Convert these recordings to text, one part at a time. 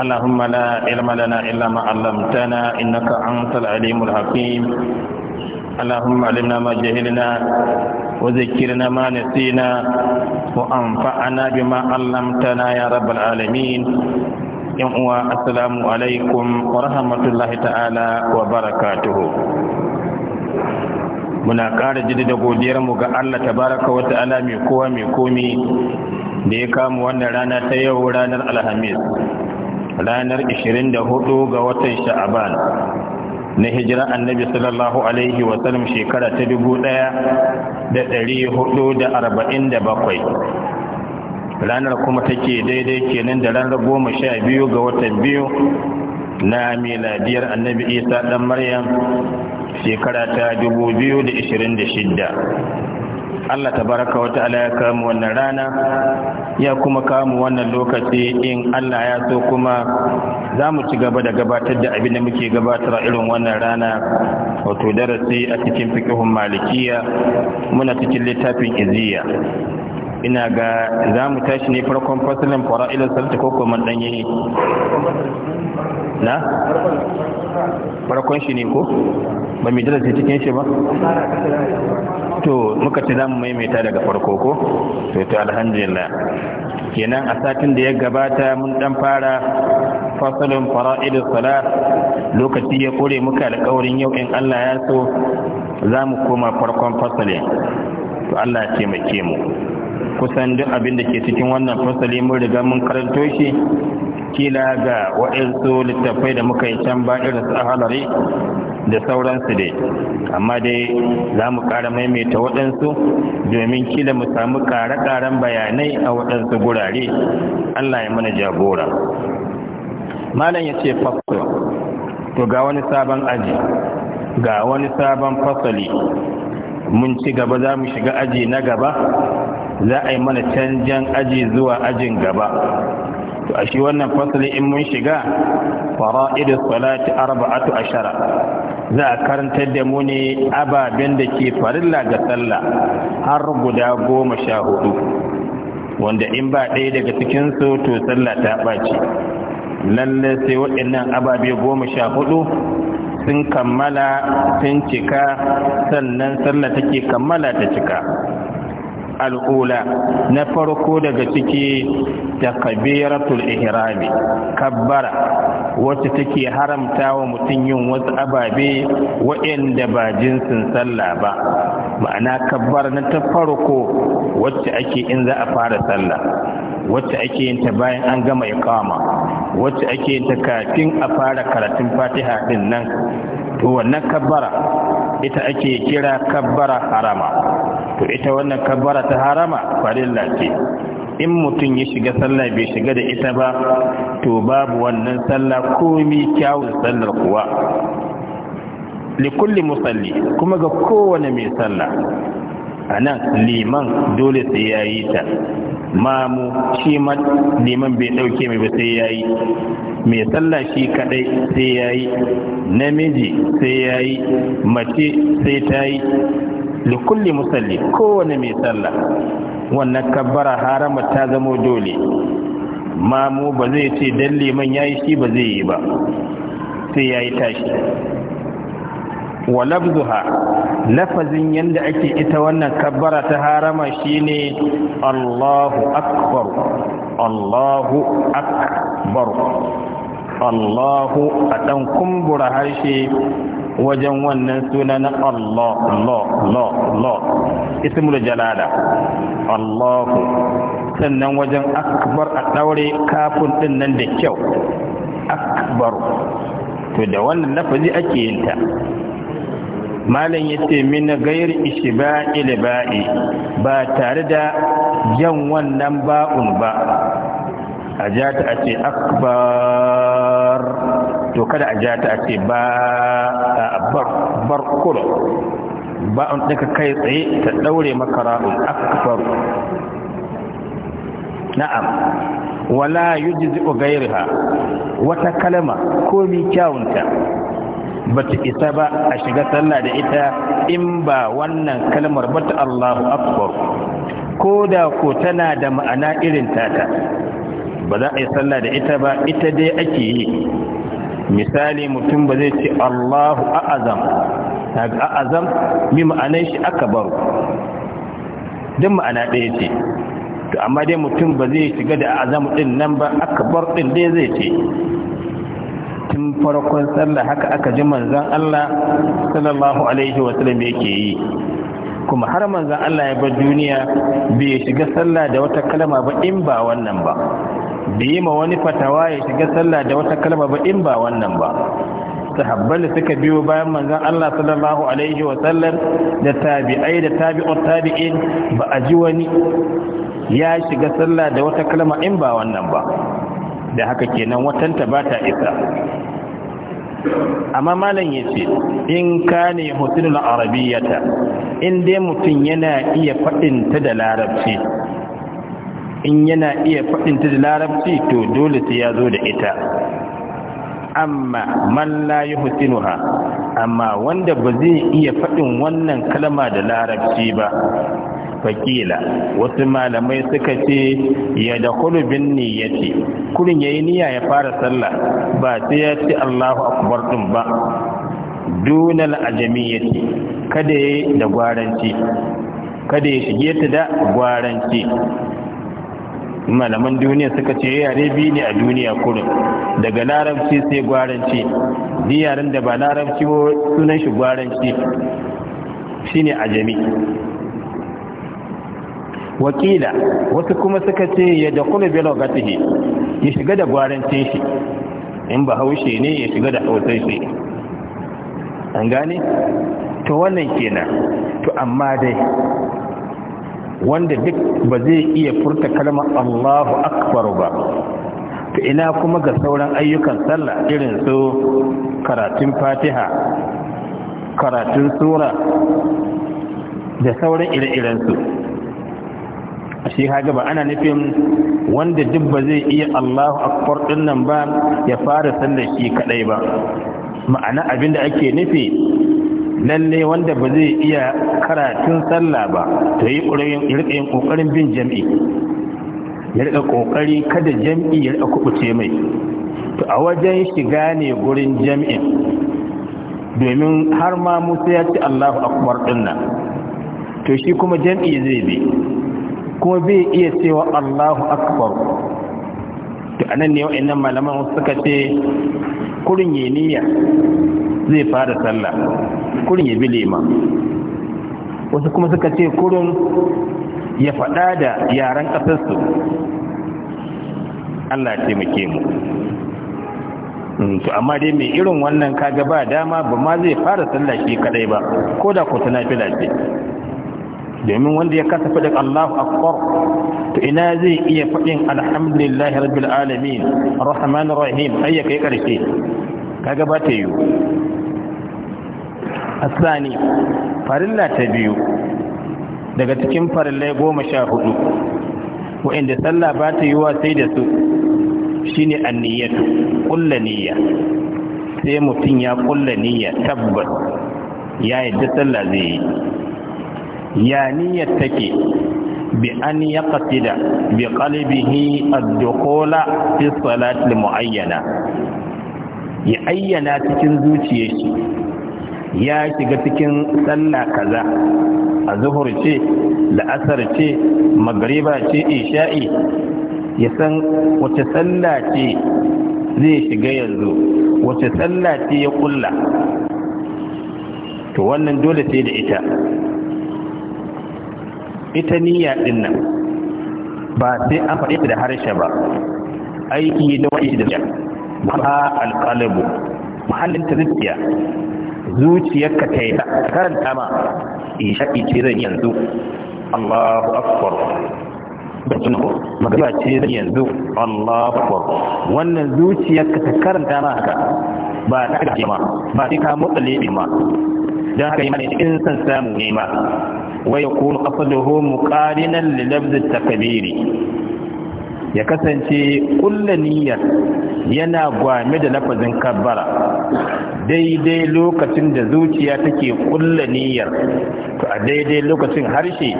اللهم لا علم لنا إلا ما علمتنا إنك أنت العليم الحكيم اللهم علمنا ما جهلنا وذكرنا ما نسينا وأنفعنا بما علمتنا يا رب العالمين يوم السلام عليكم ورحمة الله تعالى وبركاته muna ƙara jaddada godiyarmu ga Allah tabaraka wa ta'ala mai kowa mai komi da ya kama wannan rana ta yau ranar alhamis ranar 24 ga watan sha'aban na hijira annabi sallallahu alaihi sallam shekara ta dubu ɗaya da hudu da arba'in da bakwai ranar kuma take daidai kenan da ranar goma sha biyu ga watan biyu na miladiyar annabi isa ɗan maryam shekara ta dubu biyu da ishirin da shidda Allah baraka wa ta'ala ya kamu wannan rana ya kuma kamu wannan lokaci in Allah ya so kuma za mu ci gaba da gabatar da abin da muke gabatar irin wannan rana wato darasi a cikin fiqhun malikiya muna cikin littafin iziya ina ga za mu tashi ne farkon fasilin fara'ilar salta ko kuma ɗanye na? farkon shi ne ko? ba mai darasi cikin shi ba? to muka ci za mu maimaita daga farko ko? to to alhamdulillah kenan a satin da ya gabata mun dan fara fasalin fara'idus sala lokaci ya kore muka alƙawarin yau in Allah ya so za mu koma farkon fasalin to Allah ya taimake mu kusan duk abin da ke cikin wannan fasali mun riga mun karanto shi kila ga waɗansu littattafai da muka yi can ba irin su ahalari da sauransu dai amma dai za mu ƙara maimaita waɗansu domin kila mu samu ƙare-ƙaren bayanai a waɗansu gurare allah ya mana jagora malam ya ce fasto to ga wani sabon aji ga wani sabon fasali mun ci gaba za mu shiga aji na gaba za a yi mana canjan aji zuwa ajin gaba to a shi wannan fasali in mun shiga fara'idu salati arba'atu ashara za a karantar da mu ne ababen da ke farilla ga sallah har guda goma sha hudu wanda in ba ɗaya daga cikinsu to sallah ta ɓaci lalle sai waɗannan ababe goma sha hudu sun kammala sun cika sannan sallah take kammala ta cika al'ula na farko daga ciki da kabiratul ihrami kabbara wacce take haramta wa mutum yin wasu ababe waɗanda ba jinsin sallah ba ma'ana kabbara na ta farko wacce ake in za a fara sallah wacce ake yin ta bayan an gama ikama, wacce ake yin ta kafin a fara karatun fatiha din nan to wannan kabbara ita ake kira kabbara harama to ita wannan kabbara ta harama farilla ce in mutum ya shiga sallah bai shiga da ita ba to babu wannan sallah komi kyawun sallar kuwa likulli musalli kuma ga kowane mai sallah anan nan liman dole sai ya yi ta mamu shi man liman bai dauke mai ba sai ya yi mai sallah shi kadai sai ya yi namiji sai ya yi mace sai ta yi li kulli musalli kowane mai sallah wannan kabbara harama ta zamo dole mamu ba zai ce dan liman yi shi ba zai yi ba sai yi tashi wa lafazin yadda ake ita wannan kabbara ta harama shine Allahu akbar Allahu akbar Allahu a ɗan kumbura harshe wajen wannan suna na Allah Allah Allah Allah ismul jalada, Allah, sannan wajen akbar a ɗaure kafin ɗin nan da kyau akbar to da wannan lafazi ake yin ta malam ce min gairi ishba'i ba'i, ba tare da jan wannan ba'un ba a ja ta a ce akbar to kada a ja ta a ce ba bar kuro ba an daga kai tsaye ta ɗaure maka ra'un na'am wala yujzi ghayriha wata kalma ko mi kyawunta bata isa ba a shiga sallah da ita in ba wannan kalmar ba ta Allahu akbar ko da ko tana da ma'ana irin tata ba za a yi sallah da ita ba ita dai ake yi misali mutum ba zai ce Allahu a'azam daga a'azam bi ma'anar shi akbar din ma'ana ɗaya ce to amma dai mutum ba zai shiga da a'azam din nan ba akbar din dai zai ce tun farkon sallah haka aka ji manzon Allah sallallahu alaihi wasallam yake yi kuma har manzon Allah ya bar duniya bai shiga sallah da wata kalma ba in ba wannan ba da yi ma wani fatawa ya shiga sallah da wata kalma ba in ba wannan ba sahabban da suka biyo bayan manzan Allah sallallahu alaihi wa da tabi'ai da tabi'ar tabi'in ba a ji wani ya shiga sallah da wata kalma in ba wannan ba da haka kenan watanta ba ta isa amma malam ya ce in ka ne husnul arabiyyata in dai mutum yana iya faɗinta da larabci in yana iya ta da larabci to dole sai ya zo da ita amma man la yuhsinuha amma wanda ba zai iya faɗin wannan kalma da larabci ba fakila wasu malamai suka ce ya da kulubin niyyati kurin yayi niyya ya fara sallah ba sai ya ce Allahu akbar din ba ya ajamiyyati kada yayi da gwaranci kada ya shige ta da gwaranci malaman duniya suka ce yare biyu ne a duniya kurin daga larabci sai gwaranci ni yaren da ba larabci ba sunan shi gwaranci shine ajami wakila wasu kuma suka ce ya da kuma belogatihi ya shiga da gwarancin shi in ba haushe ne ya shiga da hausar shi an gane to wannan kenan to amma dai wanda duk ba zai iya furta kalmar Allahu akbar ba ta ina kuma ga sauran ayyukan sallah irin su karatun fatiha karatun sura da sauran ire su shi haga ba ana nufin wanda duk ba zai iya Allahu akbar dinnan ba ya fara sallar shi kadai ba ma'ana abinda ake nufi lalle wanda ba zai iya karatun sallah ba to yi rika yin ƙoƙarin bin jam'i ya rika ƙoƙari kada jam'i ya riƙa kuɓuce mai to a wajen shiga ne gurin jam'i domin har ma musa ya ci allahu akbar dinnan to shi kuma jam'i zai bi kuma bai iya cewa allahu akbar to anan ne wa'annan malaman suka ce kurin niyya zai fara sallah kurin ya bi liman wasu kuma suka ce kurin ya faɗa da yaren ƙasarsu Allah taimake mu mm, to amma dai mai irin wannan kaga ba dama ba ma zai fara sallah kadai ba ko da ku tana domin wanda ya kasa faɗi Allah akbar to ina zai iya faɗin alhamdulillahi rabbil alamin rahmanir rahim kai karshe kaga ba ta yiwu asani farilla ta biyu daga cikin farillai goma sha hudu wa'inda sallah ba ta yiwa sai da su shine anniyatu kulla niyya sai mutum ya kulla niyya tabbas ya da sallah zai yi ya niyyar take bi an da, bi qalbihi ad-dukhula fi salati muayyana ya ayyana cikin zuciyar shi ya shiga cikin sallah kaza a zuhur ce asar ce magariba ce isha'i ya san wace sallah ce zai shiga yanzu wace sallah ce ya kulla to wannan dole sai da ita ita niyya din nan ba sai an faɗi da harshe ba aiki da wa'i da ba alƙalabu muhallin ta zuciyarka ta yi karanta ma isha'i eh, ce zan yanzu Allahu akbar da suna magana ce zan yanzu Allahu akbar wannan zuciyarka ta karanta ma haka ba ta kace ma ba sai ka motsa lebe ma Don haka yi yana in san samu ne ma wa yakunu qasaduhu muqarinan li labd at-takbiri ya kasance kulla niyyar yana gwame da lafazin kabbara daidai lokacin da zuciya take kulla niyyar to a daidai lokacin harshe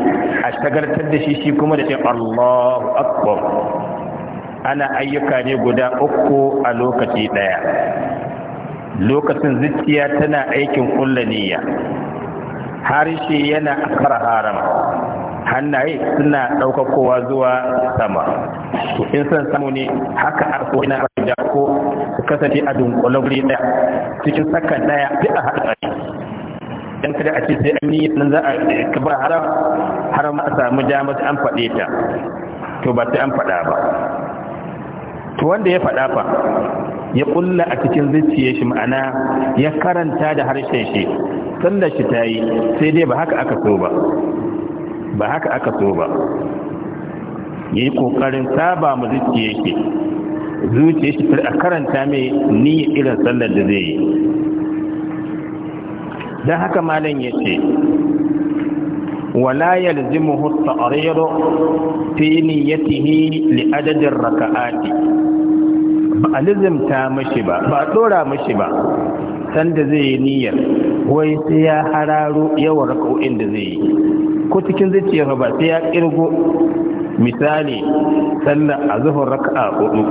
a shagartar da shi shi kuma da ce Allahu akbar ana ayyuka ne guda uku a lokaci daya lokacin zuciya tana aikin kulla niyya harshe yana kara harama hannaye suna ɗaukakowa zuwa sama to in san samu ne haka a ko ina da ko su kasance a dunkule wuri ɗaya cikin sakan ɗaya duk a haɗa dan kada a ce sai an yi nan za a kaba haram haram a samu damar an faɗe ta to ba sai an faɗa ba to wanda ya faɗa fa ya kulla a cikin zuciyar shi ma'ana ya karanta da harshen shi sallar shi ta yi sai dai ba haka aka so ba ba haka aka so ba yi ƙoƙarin saba mu zuciya yake zuciya shi a karanta mai niyyar irin sallar da zai yi don haka malam ya ce ولا يلزمه التقرير في نيته لعدد الركعات ba a lizimta mashi ba ba a tsora mashi ba sanda zai yi niyyar wai sai ya hararo yawan raka'o'in da zai yi ko cikin zuciyar ba sai ya kirgo misali sallar azhar rak'a hudu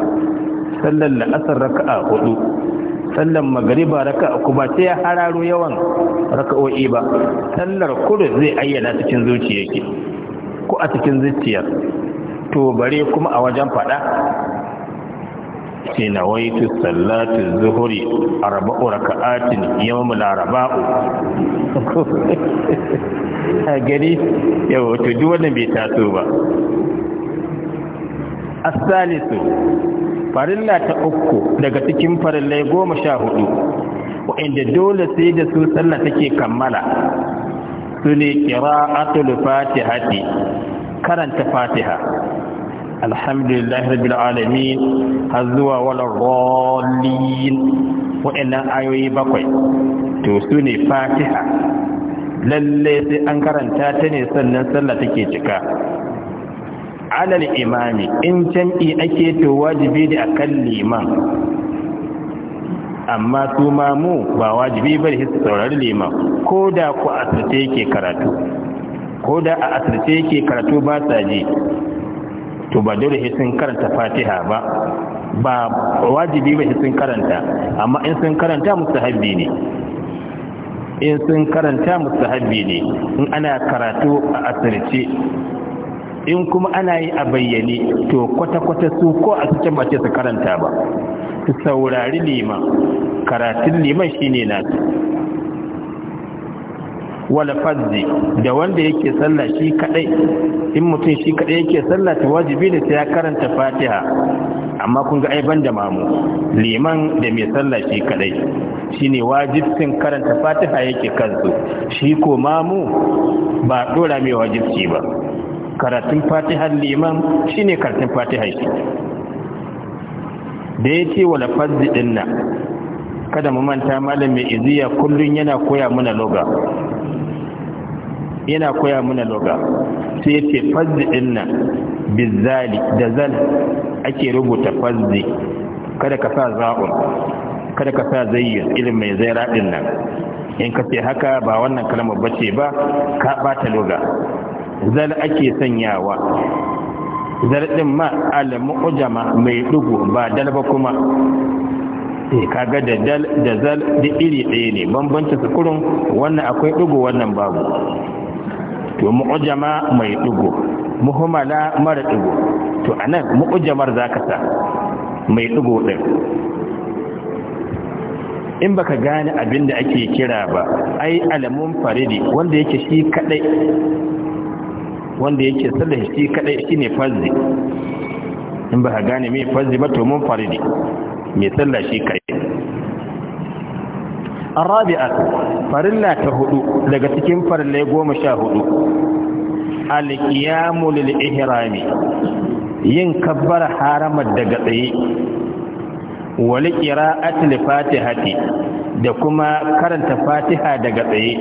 sallar la'asar raka'a hudu sallar magriba raka ku ba sai ya hararo yawan raka'o'i ba sallar kudu zai ayyana cikin zuciyarki ko a cikin zuciyar to bare kuma a wajen fada ce zuhuri arba'u gari yawa to duk wannan bai taso ba as-salisu farilla ta uku daga cikin farillai goma sha hudu wa'inda dole sai da su sallah take kammala su ne kira'atul fatihati karanta fatiha alhamdulillah rabbil alamin har zuwa wala rallin wa'annan ayoyi bakwai to su ne fatiha lalle sai an karanta ta ne sannan sallah take cika alal imami in jam'i ake to wajibi da akan liman amma su mu ba wajibi bane su saurari liman ko da ku asirce yake karatu ko da a asirce yake karatu ba sa ji to ba dole sai sun karanta fatiha ba ba wajibi ba sun karanta amma in sun karanta mustahabbi ne in sun karanta mustahabbi ne in ana karatu a asirce in kuma ana yi a bayyane to kwata-kwata su ko a cikin mace su karanta ba su saurari liman karatun liman shine nasu wala Fadzi, da wanda yake sallah shi kadai in mutum shi kadai yake sallah ta wajibi ne sai ya karanta fatiha amma kun ga ai banda mamu liman da mai sallah shi kadai shine wajibcin karanta fatiha yake kansu shi ko mamu ba dora mai wajibi ba karatun Fatiha liman shine karatun Fatiha shi da ya ce wala Fadzi dinna kada mu manta malam mai iziya kullun yana koya mana loga yana koya muna loga sai yace fazzi dinna bizali da zal ake rubuta fazzi kada ka sa za'un kada ka sa zayyin ilin mai zaira dinnan, in ka ce haka ba wannan kalmar bace ba ka bata loga zal ake sanyawa zal din ma al ujama mai dugu ba dalba kuma eh, kaga da dal da zal da iri ɗaya ne bambancin kurun wannan akwai ɗigo wannan babu to mu'jama mai dugo muhammala mara dugo to anan mu'jamar zaka sa mai dugo din in baka gane abinda ake kira ba ai alamun faridi wanda yake shi kadai wanda yake sada shi kadai shine fazzi in baka gane me fazzi ba to mun faridi me sallashi shi kai rabi'a farilla ta hudu daga cikin farilla goma sha hudu al-qiyamu lil-ihrami yin kabbara harama daga tsaye wal qira'ati li-fatihati da kuma karanta fatiha daga tsaye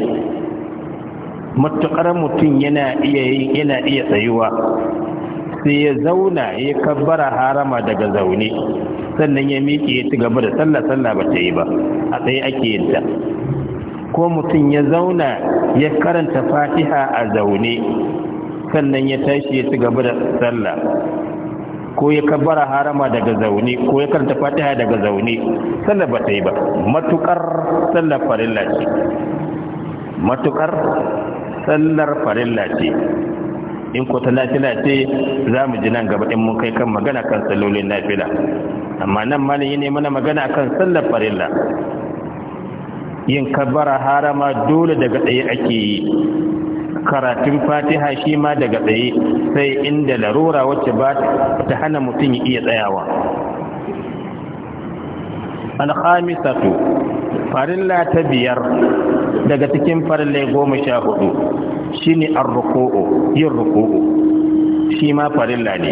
matuƙar mutum yana iya tsayuwa sai ya zauna ya kabbara harama daga zaune sannan ya miƙe ya ci gaba da sallah sallah ba ta yi ba a tsaye ake yin ta ko mutum ya zauna ya karanta fatiha a zaune sannan ya tashi ya ci gaba da sallah ko ya kabbara harama daga zaune ko ya karanta fatiha daga zaune sallah ba ta yi ba matukar sallar farilla ce matukar sallar farilla ce in ko ta nafila ce za mu ji nan gaba in mun kai kan magana kan salolin nafila amma nan ne yi ne mana magana kan sallar farilla yin kabbara harama dole daga tsaye ake yi karatun fatiha shi ma daga tsaye sai inda larura wacce ba ta hana mutum iya tsayawa alhamisatu farilla ta biyar daga cikin farle goma sha hudu shi ne an ruku'u yin ruku'u shi ma farilla ne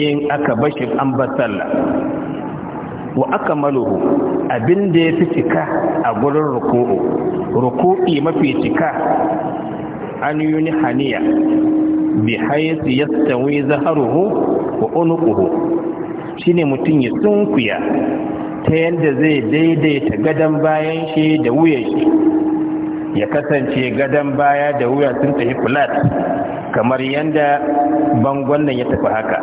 in aka bashi an basalla. wa aka maluhu abin da ya fi cika a gurin ruku'u ruku'i mafi cika an yi ni haniya bi haisi yastawi zaharuhu wa shi shine mutum ya sunkuya ta yadda zai daidaita gadon bayan shi da wuyan shi ya kasance gadon baya da wuya sun tafi flat kamar yadda bangon nan ya tafi haka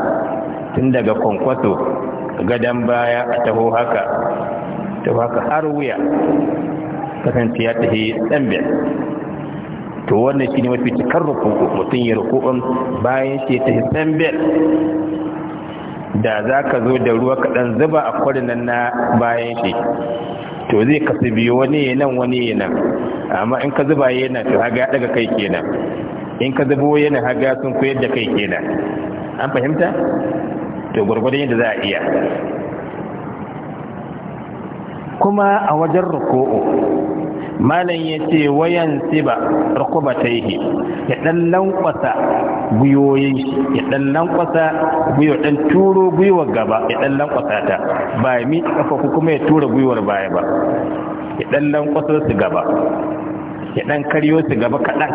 tun daga kwankwaso gadon baya a taho haka taho haka har wuya kasance ya tafi tsambe to wannan shi ne mafi cikar rukuku mutum ya rukukun bayan shi ya tafi tsambe da za ka zo da ruwa kaɗan zuba a kwarin nan na bayan shi to zai kasu biyu wani nan wani nan amma in ka zuba ya nan to haga daga kai kenan in ka zubo nan haga sun koyar da kai kenan an fahimta to gwargwadon yadda za a iya kuma a wajen ruku'u malam ya ce wayan siba yi ya ɗan lankwasa guyoyin shi ya ɗan lankwasa guyo ɗan turo guyowar gaba ya ɗan lankwasa ta ba ya mi kafa kuma ya tura guyowar baya ba ya ɗan lankwasa su gaba ya ɗan karyo su gaba kaɗan.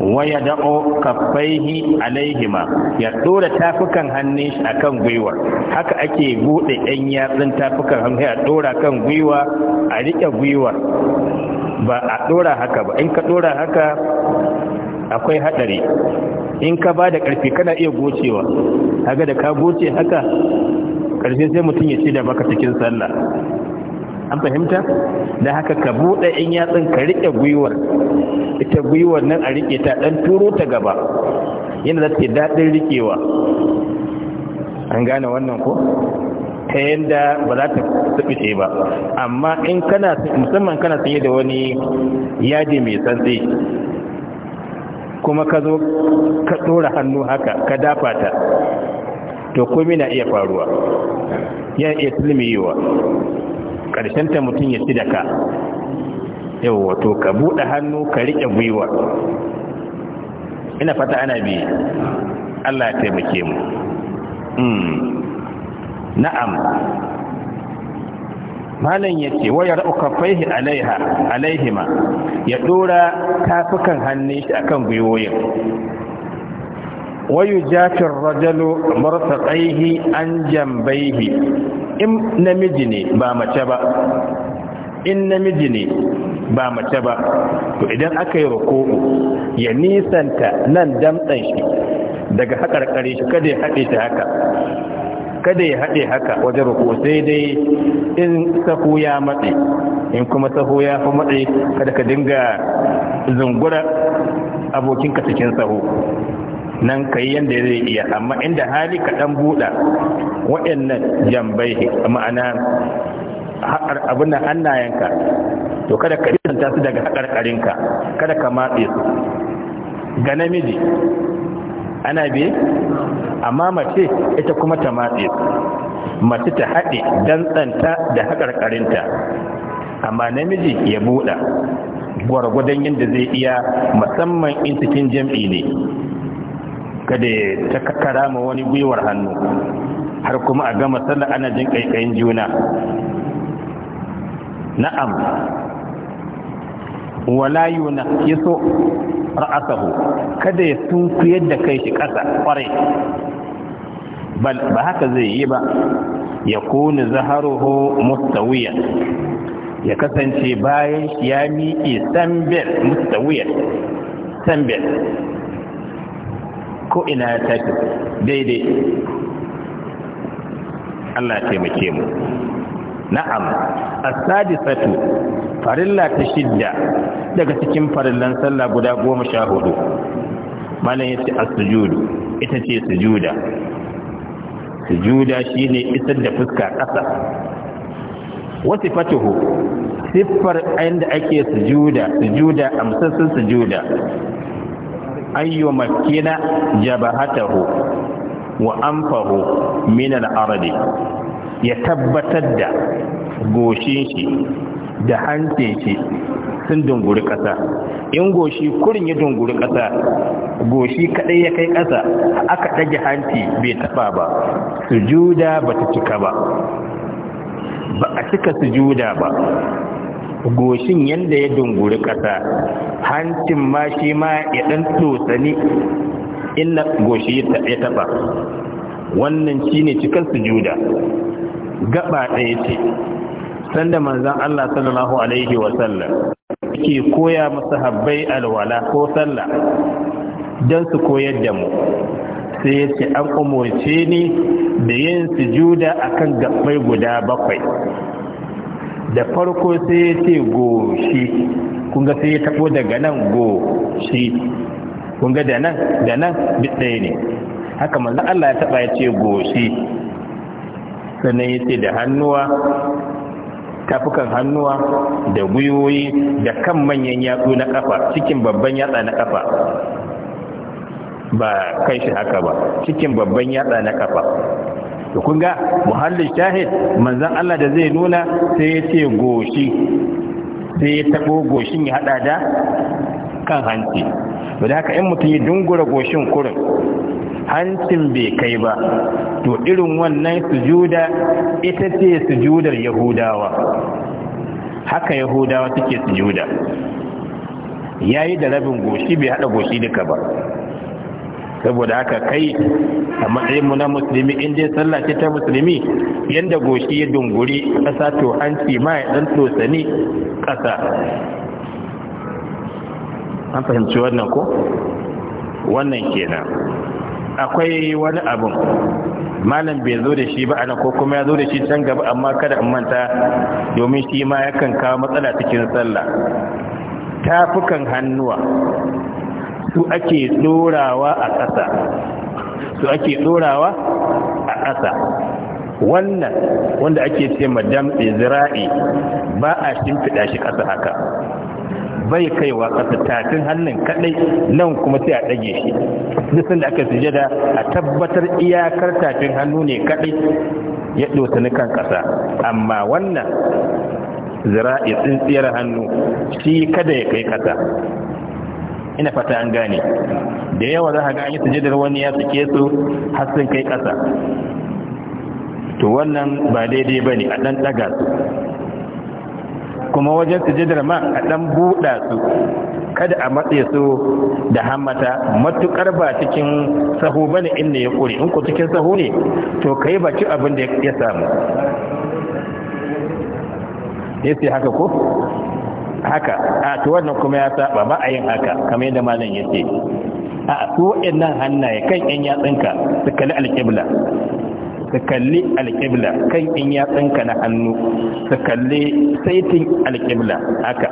waya da'o kafaihi alaihima ya dora tafukan hannu a akan gwiwa haka ake bude ɗan yatsun tafukan hannu ya dora kan gwiwa a riƙe gwiwa ba a dora haka ba in ka dora haka akwai haɗari in ka ba da ƙarfi kana iya gocewa haka da ka goce haka ƙarfi sai mutum ya ci da baka cikin sallah an fahimta da haka ka buɗe in yatsun ka riƙe gwiwar ita gwiwar nan a riƙe ta ɗan turo ta gaba yana da ke daɗin riƙewa an gane wannan ko ta yadda ba za ta tafice ba amma in kana musamman kana sanye da wani yaji mai santsi kuma ka zo ka ɗora hannu haka ka dafa ta to komai na iya faruwa ya iya tilmiyewa ƙarshen ta mutum ya ci da ka yau wato ka buɗe hannu ka riƙe gwiwa ina fata ana biye. Allah ya taimake mu hmm. na'am malam ya ce wayar ukafaihi alaiha alaihima ya dora tafukan hannun shi akan gwiwoyin ويجافي الرجل مرتقيه عن جنبيه إن نمجني بامتبا in namiji ne ba mace ba to idan aka yi roko'o ya nisanta nan damtsan shi daga haƙarƙare shi kada ya haɗe ta haka kada ya haɗe haka wajen roko'o sai dai in sahu ya matse in kuma sahu ya fi matse kada ka dinga zungura abokinka cikin sahu nan ka yi yadda zai iya amma inda hali ka dan buɗa waɗannan jambai ma'ana haƙar abin nan hannayenka to kada ka isanta su daga haƙarƙarinka kada ka matse su ga namiji ana biye amma mace ita kuma ta matse su mace ta haɗe dantsanta da haƙarƙarinta amma namiji ya buɗa gwargwadon yadda zai iya musamman in cikin jam'i ne kada ta kakkara ma wani gwiwar hannu har kuma a gama sallah ana jin kaikayin juna na'am wala yuna yaso ra'asahu kada ya tunku yadda kai shi ƙasa kwarai bal ba haka zai yi ba ya kuni zaharuhu mustawiya ya kasance bayan shi ya miƙe sambel mustawiya sambel ko ina ya tafi daidai Allah taimake mu na'am as-sadisatu farilla ta shidda daga cikin farillan sallah guda 14 malan yace as sujud ita ce sujuda sujuda shine isar da fuska ƙasa wasu fatuhu siffar inda ake sujuda sujuda amsassun sujuda ayyu makkina jabahatahu wa anfahu min al-ardi ya tabbatar da goshin shi da hancin shi sun dunguri ƙasa in goshi kurin ya dunguri ƙasa goshi kaɗai ya kai ƙasa aka ɗage hanci bai tafa ba sujuda ba ta cika ba ba a cika sujuda ba goshin yadda ya dunguri ƙasa hancin ma shi ma ya ɗan tosani inda goshi ya taɓa wannan shi ne cikin sujuda gaba ɗaya ce sanda manzan Allah sallallahu alaihi wasallam ke koya masu habbai alwala ko sallah don su koyar da mu sai an umarce ni da yin sujuda akan gabbai guda bakwai da farko sai ya ce goshi kunga sai ya tabo daga nan goshi kunga da nan da nan ɗaya ne haka manzan Allah ya taba ya ce goshi sannan ya ce da hannuwa tafukan hannuwa da gwiwoyi da kan manyan yatsu na kafa cikin babban yatsa na kafa ba kai shi haka ba cikin babban yatsa na kafa to kun muhallin shahid manzan Allah da zai nuna sai ya ce goshi sai ya tabo goshin ya hada da kan hanci to da haka in mutum ya dungura goshin kurin hancin bai kai ba to irin wannan sujuda ita ce sujudar yahudawa haka yahudawa suke sujuda yayi da rabin goshi bai hada goshi duka ba saboda haka kai a matsayinmu na musulmi in dai sallah ce ta musulmi yanda goshi ya dunguri ƙasa to ci ma ya ɗan tosani ƙasa an fahimci wannan ko wannan kenan akwai wani abin malam bai zo da shi ba ana ko kuma ya zo da shi can gaba amma kada in manta domin shi ma yakan kawo matsala cikin sallah tafukan hannuwa su ake tsorawa a ƙasa su ake tsorawa a ƙasa wannan wanda ake ce ma damtse zira'i ba a shimfiɗa shi ƙasa haka bai kaiwa ƙasa tafin hannun kaɗai nan kuma sai a ɗage shi duk da aka sujada a tabbatar iyakar tafin hannu ne kaɗai ya ni kan ƙasa amma wannan zira'i tsintsiyar hannu shi kada ya kai ƙasa ina fata an gane da yawa za a ga an yi sujadar wani ya suke su har sun kai ƙasa to wannan ba daidai ba ne a ɗan ɗaga su kuma wajen sujadar ma a ɗan buɗa su kada a matse su da hammata matukar ba cikin sahu ba ne inda ya ƙuri, in ku cikin sahu ne to kai yi baki abin da ya samu ya haka ko haka a to wannan kuma ya saba ba a yin haka kamar yadda malam ya ce a su waɗannan hannaye kan yan yatsinka su kalli alƙibla su kalli alƙibla kan yan yatsinka na hannu su kalli saitin alƙibla haka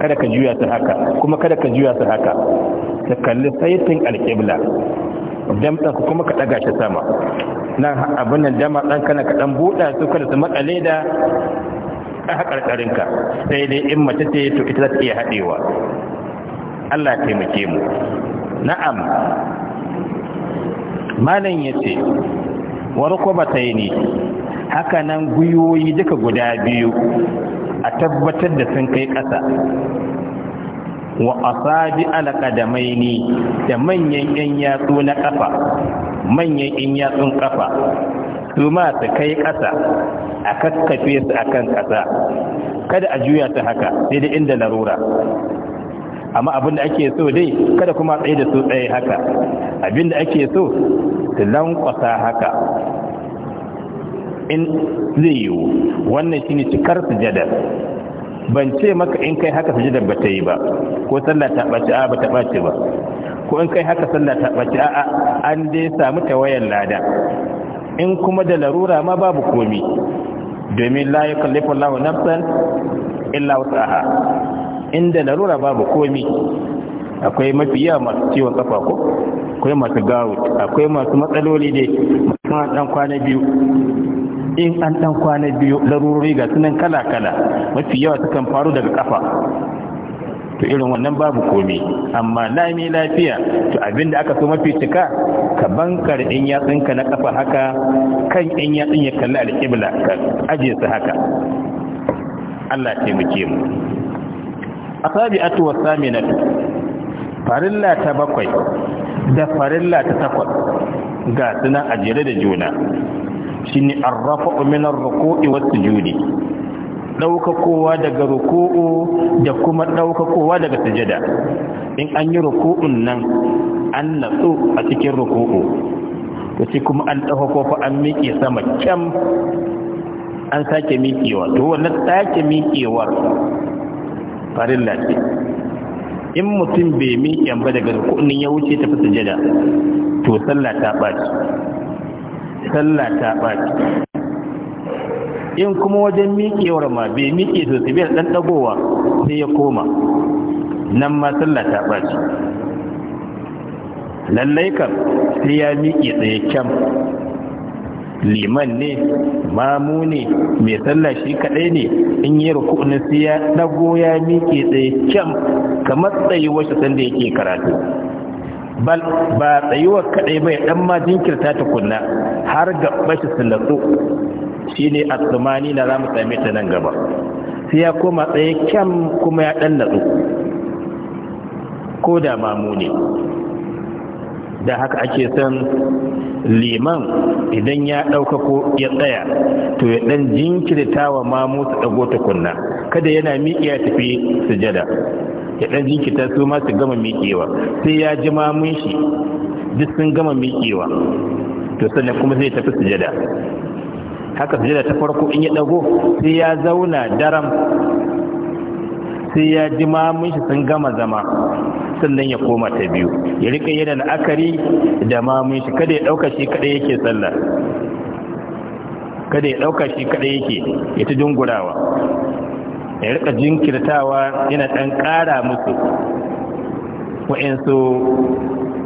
kada ka juya su haka kuma kada ka juya su haka su kalli saitin alƙibla damtsanka kuma ka ɗaga shi sama nan abin nan dama ɗan kana ka ɗan buɗa su kada su matsale da haƙarƙarinka sai dai in mace ce to ita za ta iya haɗewa Allah taimake mu na'am malam ya ce warkubatai ne haka nan gwiwoyi duka guda biyu a tabbatar da sun kai ƙasa wa asabi da ne da manyan 'yan yatsu na ƙafa manyan 'yan yatsun ƙafa su ma su kai ƙasa a kaskafe su a kan ƙasa kada a juya ta haka sai da inda larura amma abin da ake so dai kada kuma tsaye da su tsaye haka abin da ake so su lankwasa haka in zai yiwu wannan shi ne cikar sujadar ban ce maka in kai haka sujadar ba ta yi ba ko sallah ta ɓace a ba ta ɓace ba ko in kai haka sallah ta ɓace a an dai samu wayan lada in kuma da larura ma babu komi domin la yukallifu Allahu nafsan illa In inda larura babu komi akwai mafi yawa masu ciwon kafa ko akwai masu gawo akwai masu matsaloli ne? masu an dan kwana biyu in an dan kwana biyu larurori ga sunan kala kala mafi yawa sukan faru daga kafa to irin wannan babu komi amma lami lafiya to abinda aka so mafi cika ka bankar in yatsinka na kafa haka kan in yatsin ya kalli alƙibla ka ajiye su haka Allah taimake mu asabi'atu wasaminatu farilla ta bakwai da farilla ta takwas ga suna ajere da juna shine arrafa'u min arruku'i was sujudi ɗaukakowa daga ruku'u da kuma ɗaukakowa daga sujada in an yi ruku'un nan an natsu a cikin ruku'u to shi kuma an ɗaukako fa an miƙe sama kyam an sake miƙewa to wannan sake miƙewa farin ce in mutum bai miƙe ba daga rukunin ya wuce tafi sujada to sallah ta ɓaci sallah ta ɓaci in kuma wajen miƙewar ma bai miƙe to su biyar ɗan ɗagowa sai ya koma nan ma sallah ta ɓaci lallai kam sai ya miƙe tsaye kyam liman ne mamu ne mai sallah shi kaɗai ne in yi na sai ya ɗago ya miƙe tsaye kyam kamar tsayi wasu sanda yake karatu bal ba tsayuwar kaɗai bai ɗan ma jinkirta ta kunna, har ga bashi su Shi ne a tsammani na za mu same ta nan gaba sai ya koma tsaye kyam kuma ya ɗan natsu ko da mamu ne da haka ake son liman idan ya ɗaukako ya tsaya to ya ɗan jinkirta wa mamu su ɗago tukunna kada yana ya tafi sujada ya ɗan jinkirta su ma su gama miƙewa sai ya ji mamun shi duk sun gama miƙewa to sannan kuma zai tafi sujada haka sujada ta farko in ya dago sai ya zauna daram sai ya ji mamun shi sun gama zama sannan ya koma ta biyu ya rika yana akari da mamun shi kada ya dauka shi kada yake sallah kada ya dauka shi kada yake ya ta dungurawa ya rika jinkirtawa yana dan kara musu wa'insu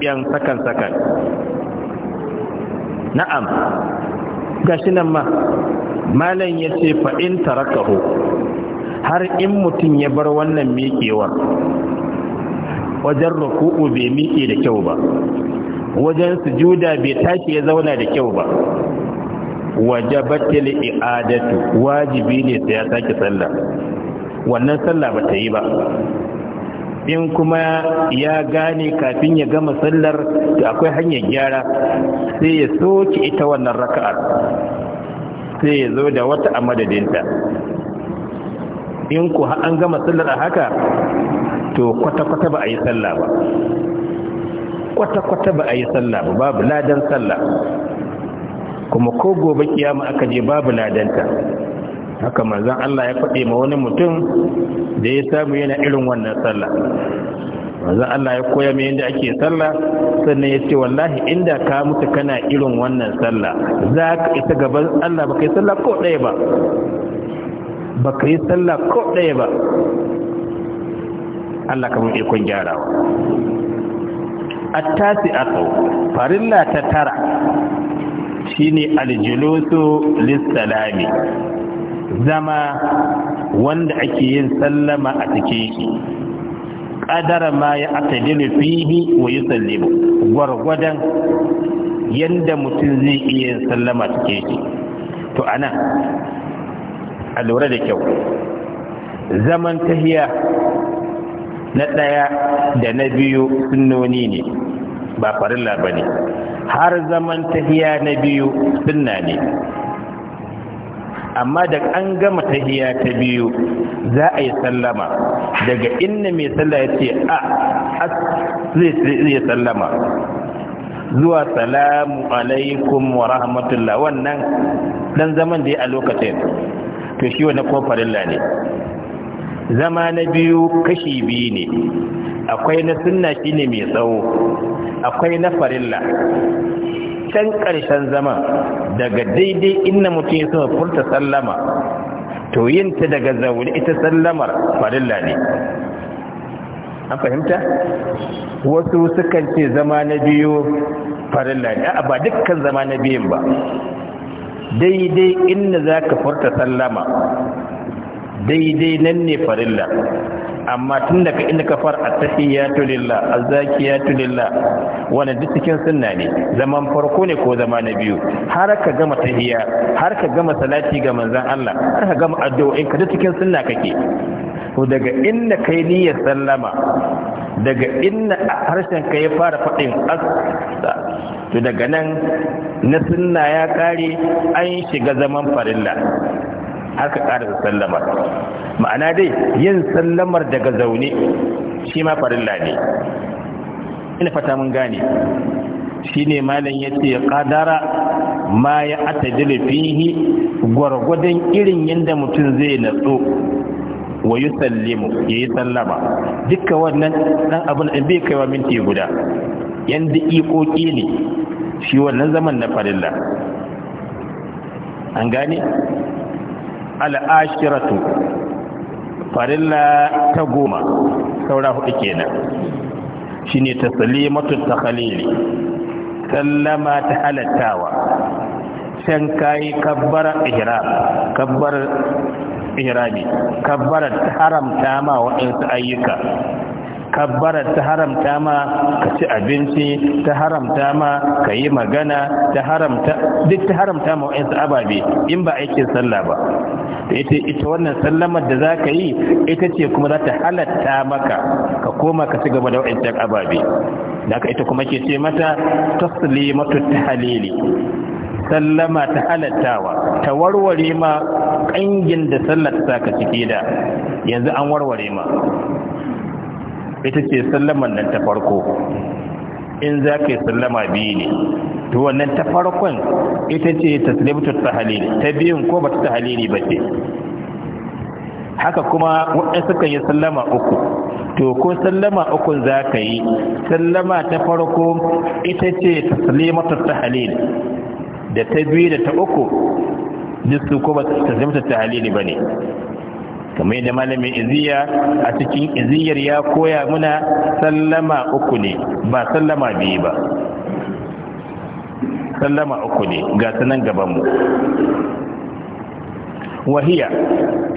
yan sakan-sakan na'am gashi nan ma malam ya ce fa'in tarakahu har in mutum ya bar wannan miƙewar wajen ruku'u bai miƙe da kyau ba wajen sujuda bai tashi ya zauna da kyau ba wajabatil i'adatu wajibi ne sai ya sake sallah wannan sallah ba ta yi ba in kuma ya gane kafin ya gama sallar to akwai hanyar gyara sai ya soke ita wannan raka'ar sai ya zo da wata a madadinta in ku an gama sallar a haka to kwata-kwata ba a yi sallah ba kwata-kwata ba a yi sallah ba babu ladan sallah kuma ko gobe kiyama aka je babu ladanta haka manzan Allah ya faɗi ma wani mutum da ya samu yana irin wannan sallah manzan Allah ya koya mai yadda ake sallah sannan ya ce wallahi inda ka mutu kana irin wannan sallah za ka isa gaban Allah ba ka yi sallah ko ɗaya ba ba ka yi sallah ko ɗaya ba Allah kamar ikon gyarawa attasi aso farilla ta tara shine aljulusu lissalami zama wanda ake yin sallama a cikin shi ƙadara ma ya dina fihi wa yusallimu gwargwadon yanda mutum zai iya yin sallama cikin shi to ana a lura da kyau zaman tahiya na ɗaya da na biyu sunnoni ne ba farilla ba ne har zaman tahiya na biyu sunna ne amma da an gama tahiya ta biyu za a yi sallama daga inna mai sallah ya ce a zai sallama zuwa salamu alaikum wa rahmatullah wannan dan zaman da ya a lokacin to shi wani kofarin ne zama na biyu kashi biyu ne akwai na sunna shi ne mai tsawo akwai na farilla can ƙarshen zama, daga daidai inna mutum ya sama furta sallama to yin ta daga zaune ita sallamar farilla ne an fahimta wasu sukan ce zama na biyu farilla ne a ba dukkan zama na biyun ba daidai inda za ka furta sallama daidai nan ne farilla amma tun daga inda ka far a zaki ya tulilla, wani duk cikin sunna ne zaman farko ne ko zama na biyu har ka gama tahiyya har ka gama salati ga manzon Allah har ka gama addu'o'in ka duk cikin sunna kake to daga inda kai niyyar sallama daga inda harshen ka ya fara faɗin as to daga nan na sunna ya kare an shiga zaman farilla Har ka ƙara sallamar ma'ana dai yin sallamar daga zaune shi ma farilla ne ina fata mun gane shi ne yace ya ce ƙadara ma ya atadili fihi gwargwadon irin yadda mutum zai natso. wa yi sallimu ya yi sallama duka wannan ɗan abin da bai kaiwa minti guda yadda ikoki ne shi wannan zaman na farilla an gane al'ashiratu farilla ta goma saura hudu kenan shine ta takhalili sallama ta halattawa can kayi kabbar ihram kabbar ihrami kabbar haramta ma waɗansu ayyuka kabbarar ta haramta ma ka ci abinci ta haramta ma ka yi magana ta haramta duk ta haramta ma wa'insu ababe in ba aikin sallah ba ita ita wannan sallamar da za ka yi ita ce kuma za ta halatta maka ka koma ka ci gaba da wa'insu ababe da ita kuma ke ce mata taslimatu tahlili sallama ta halattawa ta warware ma kangin da sallar ta saka ciki da yanzu an warware ma ita ce sallaman nan ta farko in za ka yi sallama biyu ne to wannan ta farkon ita ce taslimatu tahalili ta biyun ko ba ta tahalili ba ce haka kuma waɗanda suka yi sallama uku to ko sallama uku za ka yi sallama ta farko ita ce taslimatu tahalili da ta biyu da ta uku duk su ko ba taslimatu tahalili ba ne kamar da malamin iziya a cikin iziyar ya koya muna sallama uku ne ba sallama biyu ba sallama uku ne ga sanan gabanmu wahiya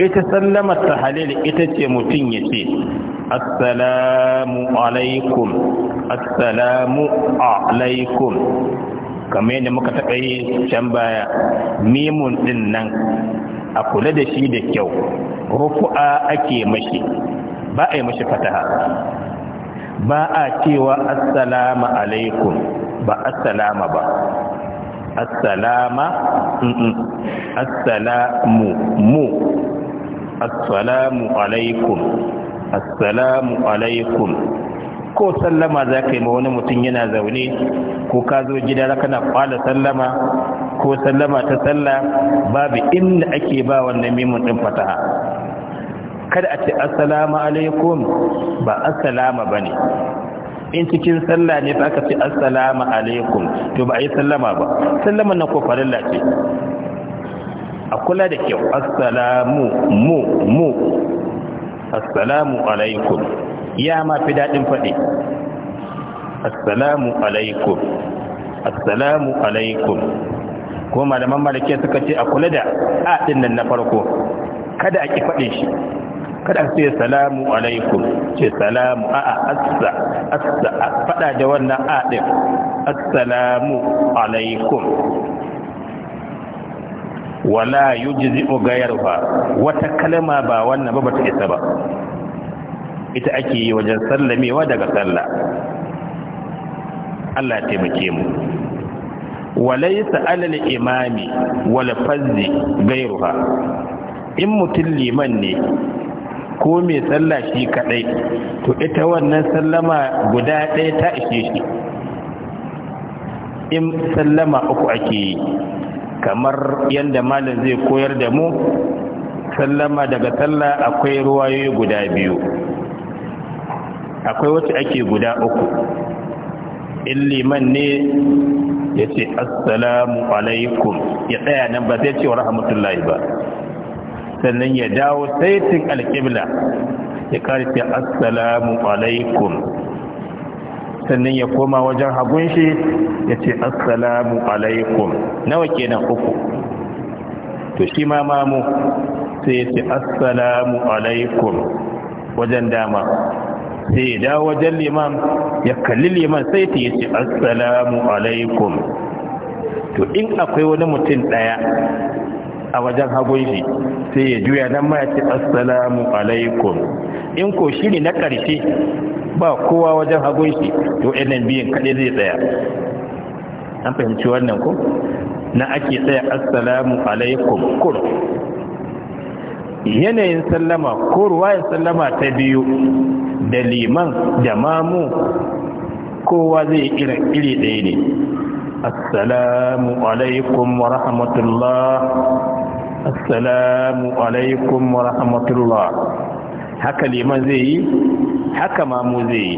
ita sallama ta halil ita ce mutum ya ce assalamu alaikum assalamu alaikum kamar yadda muka taɓa yi can baya mimun ɗin nan a kula da shi da kyau rufu'a ake mashi ba a yi mashi fataha ba a cewa assalamu alaikum ba assalama ba assalama assalamu mu assalamu alaikum assalamu alaikum ko sallama za ka yi ma wani mutum yana zaune ko ka zo gida kana kwala sallama ko sallama ta sallah babu inda ake ba wannan mimun din fataha kada a ce assalamu alaikum ba assalama bane in cikin sallah ne fa ka ce assalamu alaikum to ba a yi sallama ba sallaman na ko farilla ce a kula da kyau assalamu mu mu assalamu alaikum ya ma fi daɗin faɗi assalamu alaikum assalamu alaikum ko malaman malake suka ce a kula da a nan na farko kada a ki faɗin shi kada ce salamu alaikum ce salamu a a assa assa faɗa da wannan a assalamu alaikum wala yujzi'u ogayarwa, wata kalma ba wannan ba bata isa ba ita ake yi wajen sallamewa daga sallah Allah taimake mu walaisa alal imami wal fazzi gairuha in mutum liman ne ko mai sallah shi kadai to ita wannan sallama guda ɗaya ta ishe shi in sallama uku ake yi kamar yadda malam zai koyar da mu sallama daga sallah akwai ruwayoyi guda biyu akwai wacce ake guda uku in liman ne ya ce assalamu alaikum ya tsaya nan ba zai ce wa rahmatullahi ba sannan ya dawo saitin alƙibla ya karfe assalamu alaikum sannan ya koma wajen hagun shi ya ce assalamu alaikum nawa kenan uku to shi ma mamu sai ya ce assalamu alaikum wajen dama sai ya wajen liman ya kalli liman sai ta yi ce assalamu alaikum to in akwai wani mutum ɗaya a wajen hagun shi sai ya juya nan ma ya ce assalamu alaikum in ko shi ne na ƙarshe ba kowa wajen hagun shi to ɗanen biyan kaɗai zai tsaya an fahimci wannan ko na ake tsaya assalamu alaikum kur yanayin sallama ko ruwayin sallama ta biyu da liman da mamu kowa zai irin iri ɗaya ne assalamu alaikum wa rahmatullah assalamu alaikum wa rahmatullah haka liman zai yi haka mamu zai yi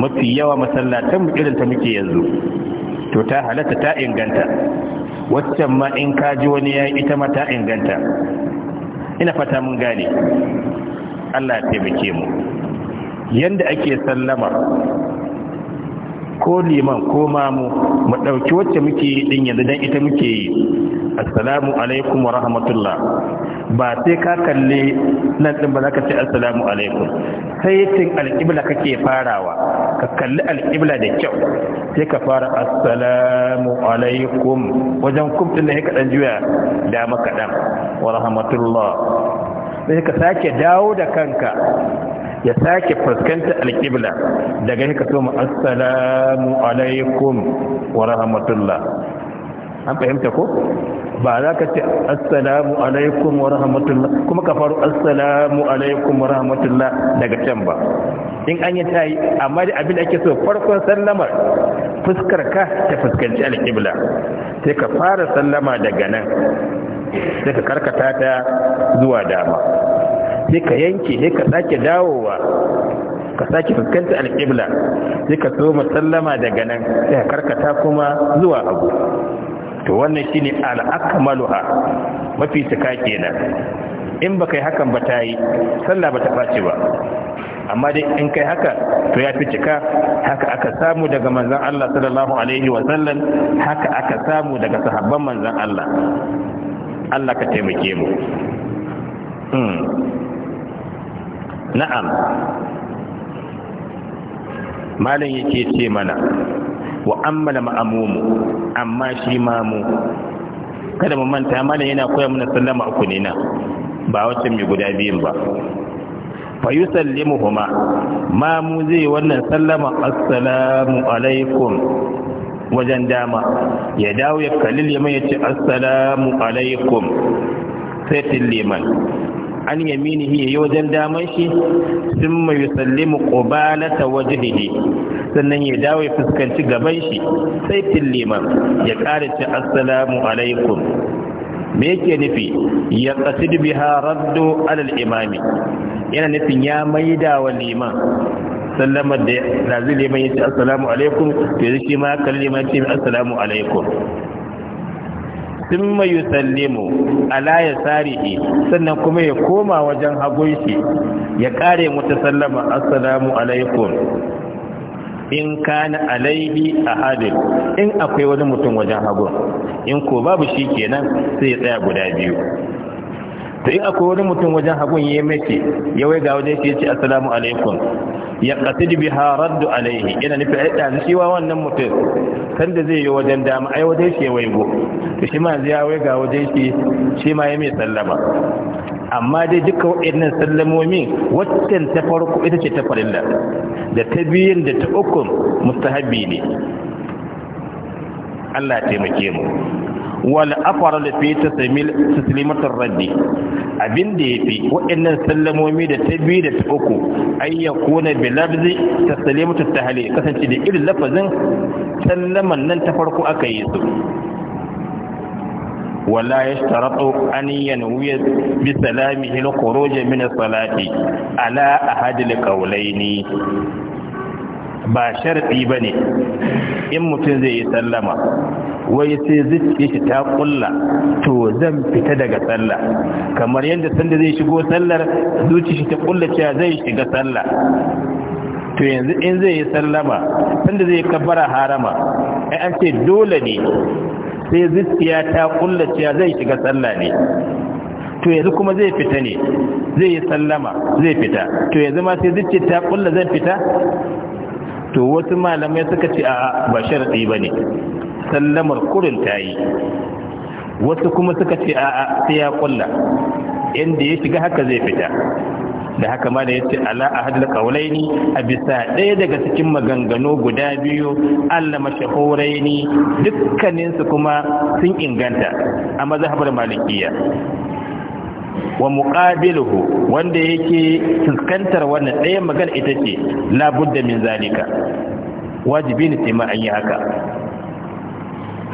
mafi yawa masallatan irin ta muke yanzu to ta halatta ta inganta waccan ma in ka ji wani ya ita ma ta inganta ina fata mun gane Allah ya taimake mu yanda ake sallama ko liman ko mamu mu ɗauki wacce muke yi ɗin yanzu don ita muke yi assalamu alaikum wa rahmatullah ba sai ka kalli nan ɗin ba za ka ce assalamu alaikum sai tin alƙibla kake farawa ka kalli al'ibla da kyau sai ka fara assalamu alaikum wajen kum da ya kaɗan juya da makaɗan wa rahmatullah sai ka sake dawo da kanka ya sake fuskanta alƙibla daga ka so mu assalamu alaikum wa rahmatullah an fahimta ko ba za ka ce assalamu alaikum wa rahmatullah kuma ka faru assalamu alaikum wa rahmatullah daga can ba in an yi yi amma da abin da ake so farkon sallamar fuskar ka ta fuskanci alƙibla sai ka fara sallama daga nan sai ka karkata ta zuwa dama sai ka yanke sai ka sake dawowa ka sake fuskanta alƙibla sai ka so musallama daga nan sai karkata kuma zuwa abu to wannan shine al'akmaluha mafi cika kenan in baka yi hakan ba ta yi sallah ba ta face ba amma dai in kai haka to ya fi cika haka aka samu daga manzan Allah sallallahu alaihi wa sallam haka aka samu daga sahabban manzan Allah Allah ka taimake mu hmm. na'am malam yake ce mana wa ammala ma'amumu amma shi mamu kada mu manta malam yana koya mana sallama uku ne na ba wacce mai guda biyun ba fa yusallimuhuma mamu zai wannan sallama assalamu alaikum wajen dama ya dawo ya kalli liman ya ce assalamu alaikum sai tilliman an yaminihi yayi wajen daman shi Sun thumma yusallimu qubalata wajhihi sannan ya dawo ya fuskanci gaban shi sai liman ya ƙara ce assalamu alaikum me yake nufi ya qasid biha raddu alal imami yana nufin ya maida wa liman sallama da razi liman ya ce assalamu alaikum to yanzu shi ma kalli liman ce assalamu alaikum Sun thumma yusallimu ala ya sarihi sannan kuma ya koma wajen hagun shi ya kare mutu sallama assalamu alaikum in kana alaihi ahadin in akwai wani mutum wajen hagun in ko babu shi kenan sai ya tsaya guda biyu to in akwai wani mutum wajen hagun ya mace ya wai ga wajen shi ya ce assalamu alaikum ya qasid biha raddu alaihi yana nufi ai dan shi wannan mutum kan da zai yi wajen dama ai wajen shi ya go to shi ma zai ya wai ga wajen shi shi ma ya mai sallama amma dai duka waɗannan sallamomi wacce ta farko ita ce ta farilla da ta biyun da ta ukun mustahabi ne Allah taimake mu wal afara da fi taslimatar raddi abin da ya fi waɗannan sallamomi da ta biyu da ta uku ayyakuna bilabzi taslimatar tahali kasance da irin lafazin sallaman nan ta farko aka yi su Wala ya ولا يشترط أن ينوي بسلامه الخروج من الصلاة على أحد القولين ba sharɗi ba ne in mutum zai yi sallama wai sai zuciya shi ta kulla to zan fita daga sallah kamar yadda sanda zai shigo sallar zuci shi ta kulla cewa zai shiga sallah to yanzu in zai yi sallama sanda zai kabbara harama ai an ce dole ne sai zuciya ta kulla cewa zai shiga sallah ne to yanzu kuma zai fita ne zai yi sallama zai fita to yanzu ma sai zuciya ta kulla zan fita to wasu malamai suka ce a ba sharaɗi ba ne sallamar kurin ta yi wasu kuma suka ce a sai ya kulla inda ya shiga haka zai fita da haka ma da ya ce ala a hadar kaulaini a bisa ɗaya daga cikin maganganu guda biyu allah mashahurai ne dukkaninsu kuma sun inganta a mazhabar malikiya wa muqabiluhu wanda yake fuskantar wannan ɗayan magana ita ce budda min zalika wajibi ne sai an yi haka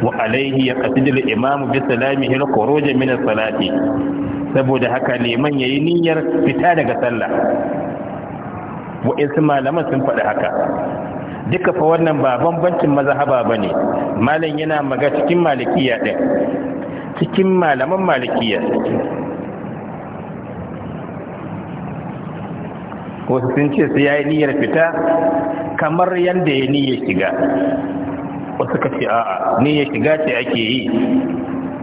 wa alaihi ya qasidul imamu bi salamihi al khuruj min salati saboda haka ya yayi niyyar fita daga sallah wa malaman sun faɗi haka duka fa wannan ba bambancin mazhaba bane malam yana maga cikin malikiya din cikin malaman malikiya wasu sun ce sai ya yi niyyar fita kamar yadda ya niyyar shiga wasu ka ce a'a niyyar shiga ce ake yi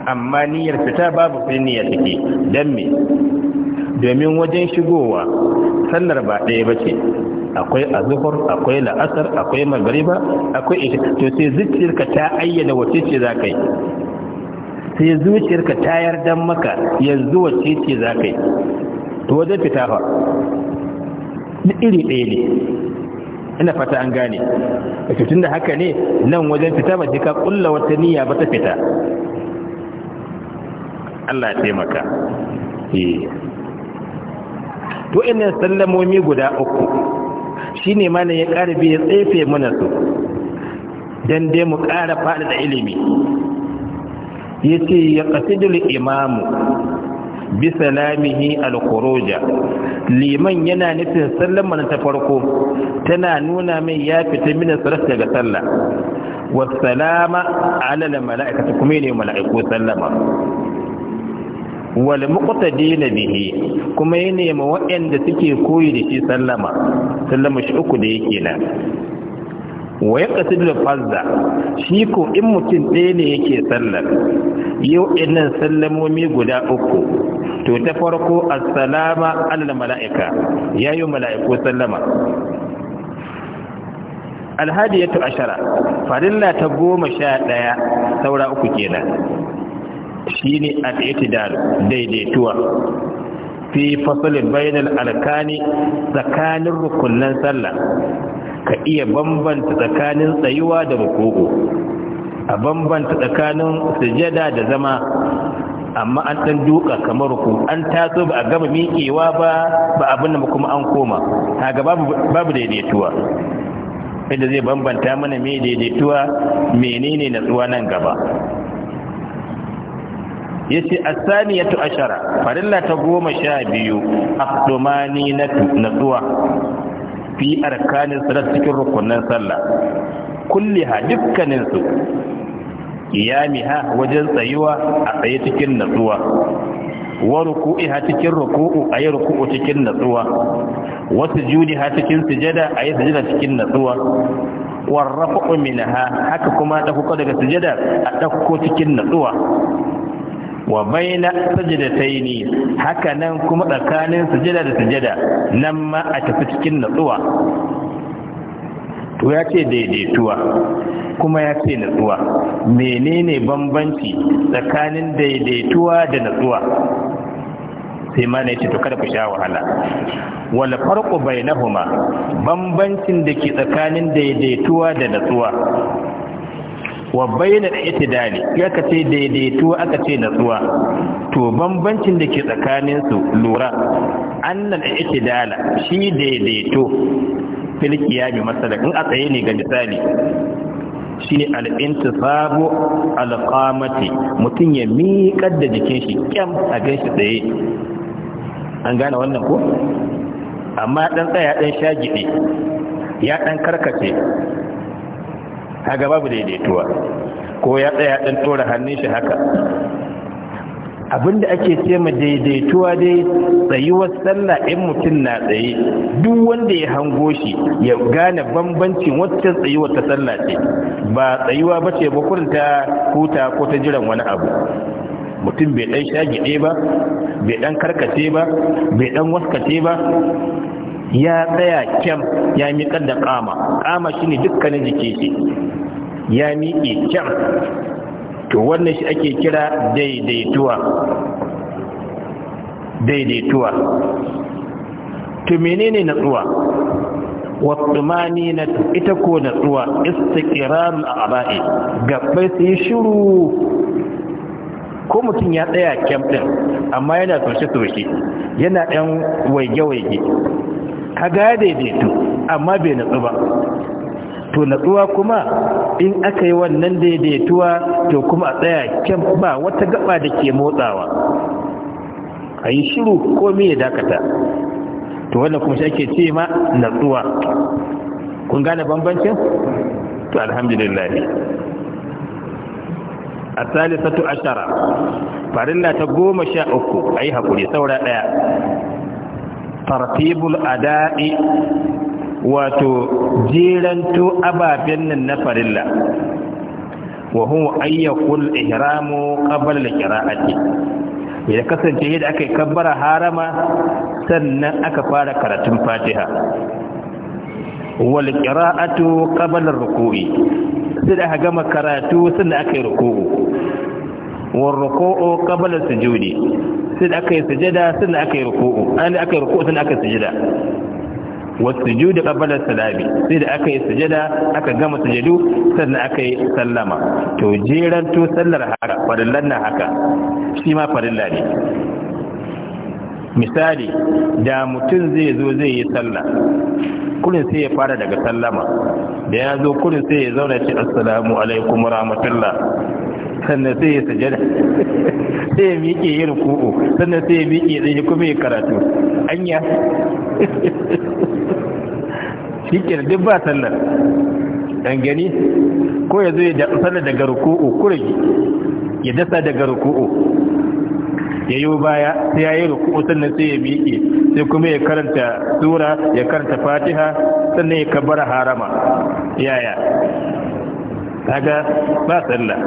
amma niyyar fita babu sai niyyar take don me domin wajen shigowa sallar ba ɗaya ba ce akwai azuhur akwai la'asar akwai magariba akwai ita to sai zuciyarka ta ayyana wace ce za ka yi sai zuciyarka ta yarda maka yanzu wace ce za ka yi to wajen fita fa na iri ɗaya ne ina fata an gane a tun da haka ne nan wajen fita ba ka kulla wata niyya ba ta fita Allah ya taimaka to eh. ina sallamomi guda uku shine mana ya ƙara ya tsefe mana su dan dai mu ƙara faɗaɗa ilimi Ya ce ya ƙasidul imamu bisalamihi alkhuruja liman yana nufin sallar ta farko tana nuna mai ya fita min salat daga sallah wassalama ala al mala'ikati kuma ne mala'iku sallama wal muqtadina bihi kuma ya ma waɗanda suke koyi da shi sallama sallama shi uku da yake nan wa ya alfazza shi ko in mutum ɗaya ne yake sallar yau ɗinnan sallamomi guda uku to ta farko assalama alal mala'ika yayi mala'iku sallama alhadiyatu ashara farilla ta goma sha ɗaya saura uku kenan shine al-i'tidal daidaituwa fi fasalin bainal alkani tsakanin rukunan sallah ka iya bambanta tsakanin tsayuwa da ruku'u a bambanta tsakanin sujada da zama amma an dan duka kamar ku an taso ba a gama miƙewa ba ba abin da kuma an koma kaga babu babu daidaituwa inda zai bambanta mana me daidaituwa menene tsuwa nan gaba yace as-saniyatu ashara farilla ta goma sha biyu na tsuwa fi arkanin salat cikin rukunin sallah kulliha dukkanin qiyamiha wajen tsayuwa a tsaye cikin natsuwa wa ruku'iha cikin ruku'u yi ruku'u cikin natsuwa wa sujudiha cikin sujada a yi sujada cikin natsuwa wa rafu'u minha haka kuma dauko daga sujada a dauko cikin natsuwa wa baina sajdataini haka nan kuma tsakanin sujada da sujada nan ma a tafi cikin natsuwa to ya ce daidaituwa kuma ya ce natsuwa menene bambanci tsakanin daidaituwa da natsuwa sai ma na yace to kada ku sha wahala wal farqu bainahuma bambancin da ke tsakanin daidaituwa da natsuwa wa bayyana da itidali ya ka ce daidaituwa aka ce natsuwa to bambancin da ke tsakaninsu lura annan itidala shi daidaito fil qiyami masalan in a tsaye ne ga misali shine al-intisabu al-qamati mutun ya miƙa da jikin shi kyam a shi tsaye an gane wannan ko amma dan tsaya dan shagide ya dan karkace kaga babu daidaituwa ko ya tsaya dan tura hannun shi haka Abin da ake ce daidaituwa dai tsayuwar sallah in mutum na tsaye duk wanda ya hango shi ya gane bambancin wacce tsayuwar ta sallah ce ba tsayuwa ba ce ba ta huta ko ta jiran wani abu mutum bai dan shagide ba bai dan karkace ba bai dan waskace ba ya tsaya kyam ya miƙar da kama kama shine dukkanin jiki shi ya miƙe kyam to wannan shi ake kira daidaituwa daidaituwa to menene natsuwa wattumani na ita ko natsuwa istiqrar al-aba'i gabbai sai shiru ko mutum ya tsaya kyam din amma yana toshe toshe yana ɗan waige waige kaga daidaito amma bai natsu ba to natsuwa kuma in aka yi wannan daidaituwa to kuma a tsaya kyan ba wata gaba da ke motsawa a yi shiru ko me ya dakata to wannan kuma shi ake ce ma natsuwa kun gane bambancin to alhamdulillah a salisatu ashara farilla ta goma sha uku a yi haƙuri saura ɗaya tartibul ada'i wato jeranto ababen nan na farilla wa huwa ayyakul ihramu qabla al-qira'ati ya kasance yadda aka yi kabbara harama sannan aka fara karatun fatiha wal qira'atu qabla ar-ruku'i sai da gama karatu sannan aka yi ruku'u wal ruku'u qabla sujudi sai da aka yi sujada sannan aka yi ruku'u an aka yi ruku'u sannan aka yi sujada Wasu wasujud qabla salami sai da aka yi sujada aka gama sujadu sannan aka yi sallama to jeran to sallar haka farillan na haka shi ma farilla ne misali da mutum zai zo zai yi sallah kurin sai ya fara daga sallama da ya zo kurin sai ya zauna ce assalamu alaikum rahmatullah sannan sai ya sajada sai ya miƙe yin ku'u sannan sai ya miƙe zai kuma ya karatu anya shi duk ba sallar dan gani ko ya zo ya sallar daga ruku'u kuregi ya dasa daga ruku'u ya yi baya sai ya yi ruku'u sannan sai ya miƙe sai kuma ya karanta sura ya karanta fatiha sannan ya kabara harama yaya daga ba sallar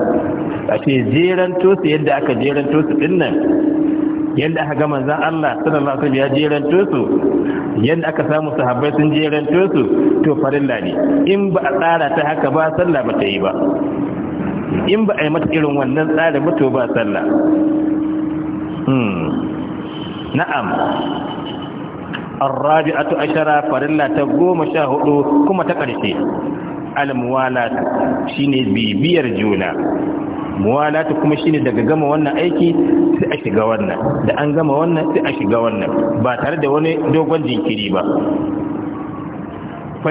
a ce jeranto su yadda aka jeranto su din nan yadda aka gama zan Allah sallallahu alaihi wasallam ya jeranto su yadda aka samu sahabbai sun je ranto su to farilla ne in ba a tsara ta haka ba sallah ba ta yi ba in ba a yi mata irin wannan tsara ba to ba sallah hmm. na'am arrabi'atu ashara farilla ta goma sha hudu kuma ta ƙarshe almuwala shine bibiyar juna muwalatu kuma shine daga gama wannan aiki sai a shiga wannan da an gama wannan sai a shiga wannan ba tare da wani dogon jinkiri ba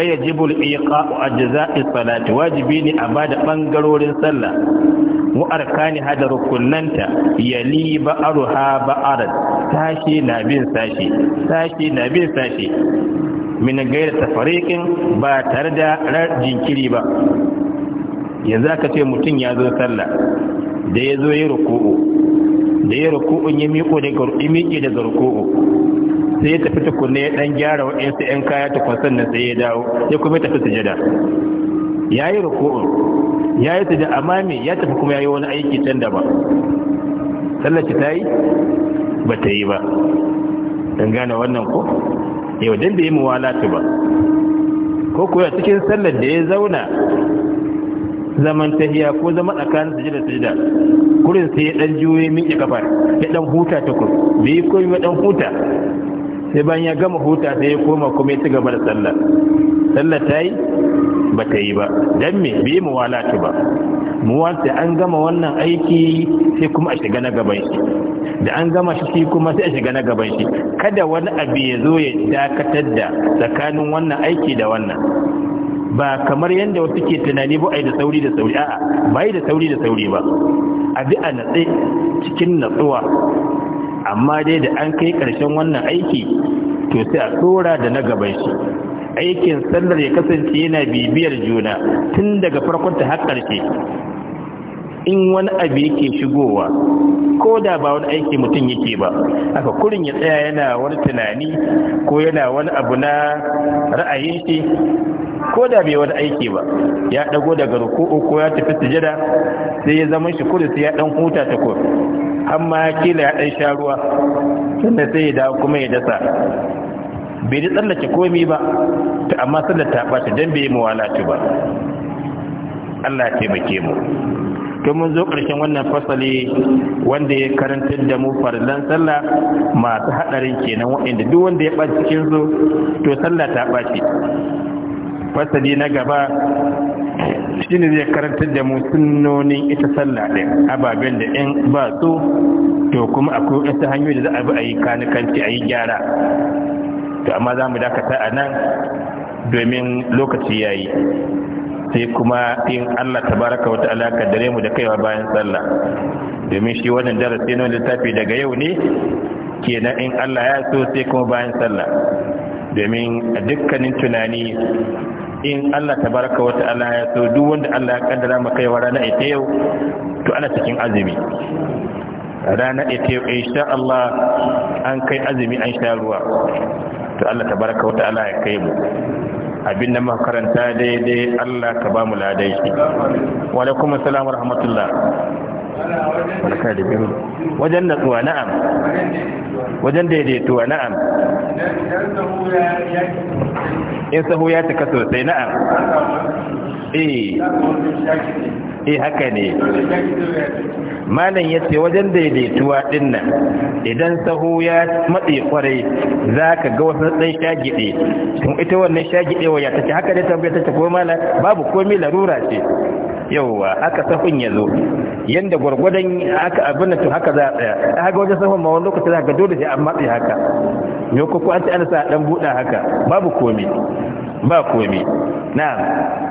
yajibu al-iqa'u ajza'i salati wajibi ne a bada bangarorin sallah mu arkani hada rukunanta yali ba'aruha ba'arad sashi na bin sashi sashi na bin sashi min gaira tafariqin ba tare da jinkiri ba yanzu aka ce mutum ya zo sallah da ya zo ya ruku'u da ya ruku'u, ya miƙo daga miƙe daga ruku'u sai ya tafi tukunne ya dan gyara waɗansu 'yan kaya tukun sannan sai ya dawo ya kuma tafi sujada ya yi ruku'u, ya yi sujada amma me ya tafi kuma ya yi wani aiki can da ba sallar ta yi ba ta yi ba don gane wannan ko yau don da yi ta ba ko kuwa cikin sallar da ya zauna zaman tahiya ko zama tsakanin sujada sujada kurin sai ya dan juye min ya kafar ya dan huta tukun bai yi komai dan huta sai ban ya gama huta sai ya koma kuma ya ci gaba da sallah sallah ta yi ba ta yi ba dan me bi mu wala ta ba Mu muwalatu an gama wannan aiki sai kuma a shiga na gaban shi da an gama shi kuma sai a shiga na gaban shi kada wani abu ya zo ya dakatar da tsakanin wannan aiki da wannan ba kamar yadda wasu ke tunani ba ai da sauri da sauri a'a ba da sauri da sauri ba a bi a natse cikin natsuwa amma dai da an kai ƙarshen wannan aiki to sai a tsora da na gaban shi aikin sallar ya kasance yana bibiyar juna tun daga farkon ta har ƙarshe in wani abu yake shigowa ko da ba wani aiki mutum yake ba aka kurin ya tsaya yana wani tunani ko yana wani abu na ra'ayin shi ko da bai wani aiki ba ya dago daga ruku, ko ya tafi sujada sai ya zama shi kudu sai ya dan huta ta kur amma kila ya dan sha ruwa sannan sai ya dawo kuma ya dasa bai ji tsallace komi ba to amma sallar ta ɓata bai yi muwalatu ba Allah ya taimake mu To mun zo ƙarshen wannan fasali wanda ya karantar da mu farillan sallah masu haɗarin kenan waɗanda duk wanda ya ɓaci cikin su to sallah ta ɓaci fasali na gaba shine zai karantar da mu sunnonin ita sallah ɗin ababen da in ba su to kuma akwai wasu hanyoyi da za a bi a yi kanikanci a yi gyara to amma za mu dakata a nan domin lokaci ya yi sai kuma in Allah tabaraka wa ta'ala ka dare mu da kaiwa bayan sallah domin shi wannan darasi na littafi daga yau ne kenan in Allah ya so sai kuma bayan sallah domin a dukkanin tunani in Allah tabaraka wa ta'ala ya so duk wanda Allah ya kaddara mu kaiwa rana ita yau to ana cikin azumi rana ita yau insha Allah an kai azumi an sha ruwa to Allah tabaraka wa ta'ala ya kai mu abin da muka karanta daidai Allah ka ba mu ladai shi wa alaikum assalam wa rahmatullah barka da biyu wajen natsuwa na'am wajen daidaituwa na'am in sahu ya cika sosai na'am eh eh haka ne malam ya ce wajen daidaituwa din nan idan sahu ya matsi kwarai za ka ga wasu dai shagide kuma ita wannan shagide waya ya tace haka ne tambaye tace ko malam babu komai larura ce yauwa haka sahun ya zo yanda gurgudan haka abin to haka za a tsaya haka wajen sahun ma wani lokaci za ga dole sai an matsi haka yau ko an ce ana sa dan buɗa haka babu komai ba komai na'am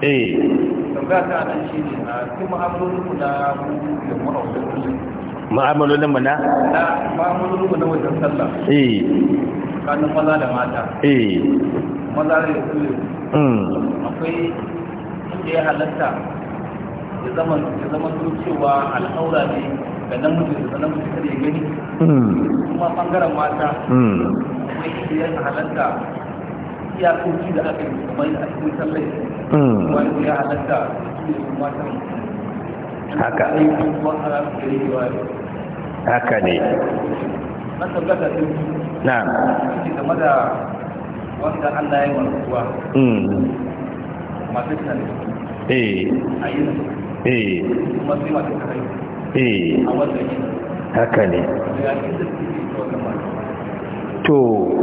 eh na mana. mu na wajen sallah eh kan maza da mata eh maza da kullu mm akwai inda hmm. ya halatta ya zama ya zama cewa al'aura ne da namiji da namiji da ya gani kuma bangaren mata akwai inda ya halatta hmm. iyakoki da aka yi hmm. a cikin sallai wani ya halatta haka haka ne na tabbata din na game da wanda hmm. masu eh. a yi eh. kuma sai masu eh. a haka ne to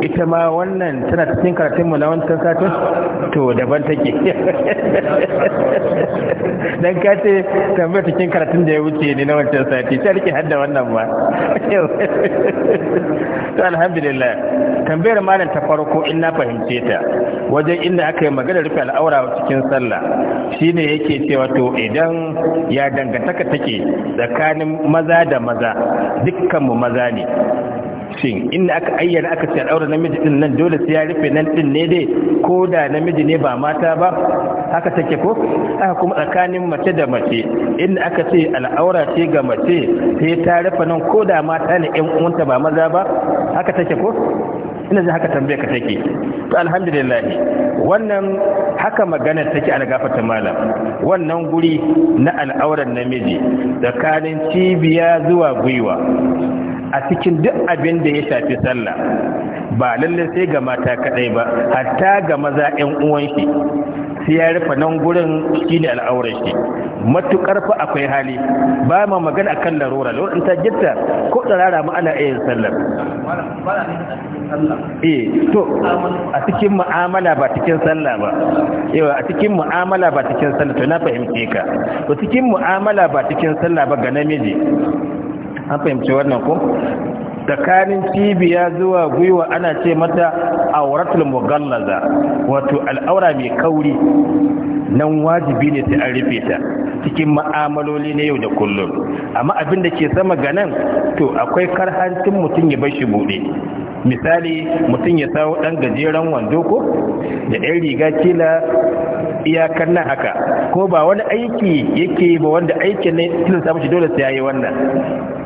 ita ma wannan tana cikin karatunmu na wancan satin to daban take dan ka ce tambayar cikin karatun da ya wuce ne na wancan sati ta rike hadda wannan ba to alhamdulillah tambayar malam ta farko in na fahimce ta wajen inda aka yi magana rufe al'aura cikin sallah shine yake cewa to idan ya dangantaka take tsakanin maza da maza dukkanmu maza ne shin inda aka ayyana aka ce daura namiji din nan dole sai ya rufe nan din ne dai ko da namiji ne ba mata ba haka take ko haka kuma tsakanin mace da mace inda aka ce al'aura ce ga mace sai ta rufe nan ko da mata ne ƴan uwanta ba maza ba haka take ko ina zai haka tambaye ka take to alhamdulillah wannan haka magana take a fata malam wannan guri na al'auran namiji tsakanin cibiya zuwa gwiwa a cikin duk abin da ya shafi sallah ba lalle sai ga mata kadai ba hatta ga maza ƴan uwan shi sai ya rufe nan gurin ne al'aurar shi matukar fa akwai hali ba ma magana akan larura in ta gitta ko tsarara mu ana iya sallah eh to a cikin mu'amala ba cikin sallah ba yawa a cikin mu'amala ba cikin sallah to na fahimce ka to cikin mu'amala ba cikin sallah ba ga namiji an fahimci wannan ko tsakanin cibiya zuwa gwiwa ana ce mata auratul mugallaza wato al'aura mai kauri nan wajibi ne sai an rufe ta cikin ma'amaloli na yau da kullum amma abin da ke sama ga nan to akwai karhancin mutum ya bar shi bude misali mutum ya sawo dan gajeren wando ko da ɗan riga kila iyakar nan haka ko ba wani aiki yake ba wanda aikin ne tilin samu shi dole sai yayi wannan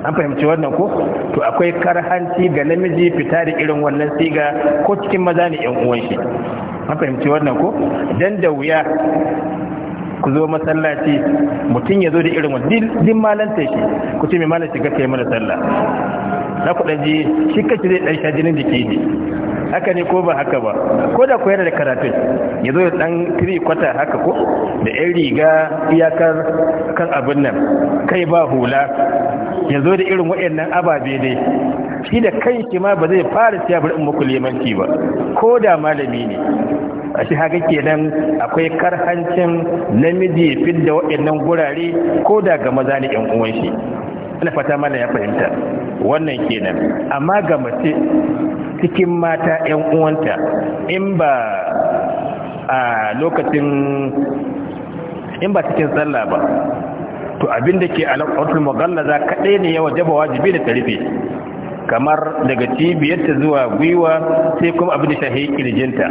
an fahimci wannan ko to akwai karhanci ga namiji fita da irin wannan siga ko cikin maza ne yan uwan shi an fahimci wannan ko dan da wuya ku zo masallaci mutum ya zo da irin wannan din malanta shi ku ce mai malanta ga kai mana sallah na kuɗa ji shi kace zai ɗan sha jinin jiki ne haka ne ko ba haka ba ko da koyar da karatun ya zo dan ɗan kwata haka ko da yan riga iyakar kan abin nan kai ba hula ya zo da irin waɗannan ababe dai shi da kanshi ma ba zai fara siya burin muku limanci ba ko da malami ne a shi haka ke nan, akwai karhancin namiji fidda waɗannan gurare ko da ga maza ne 'yan uwan shi ina fata mana ya fahimta wannan kenan amma ga mace cikin mata 'yan uwanta in ba a lokacin in ba cikin sallah ba to abin da ke za ka kadai ne ya wajaba wajibi da tarife kamar daga cibiyarta zuwa gwiwa sai kuma abin da shahi kirjinta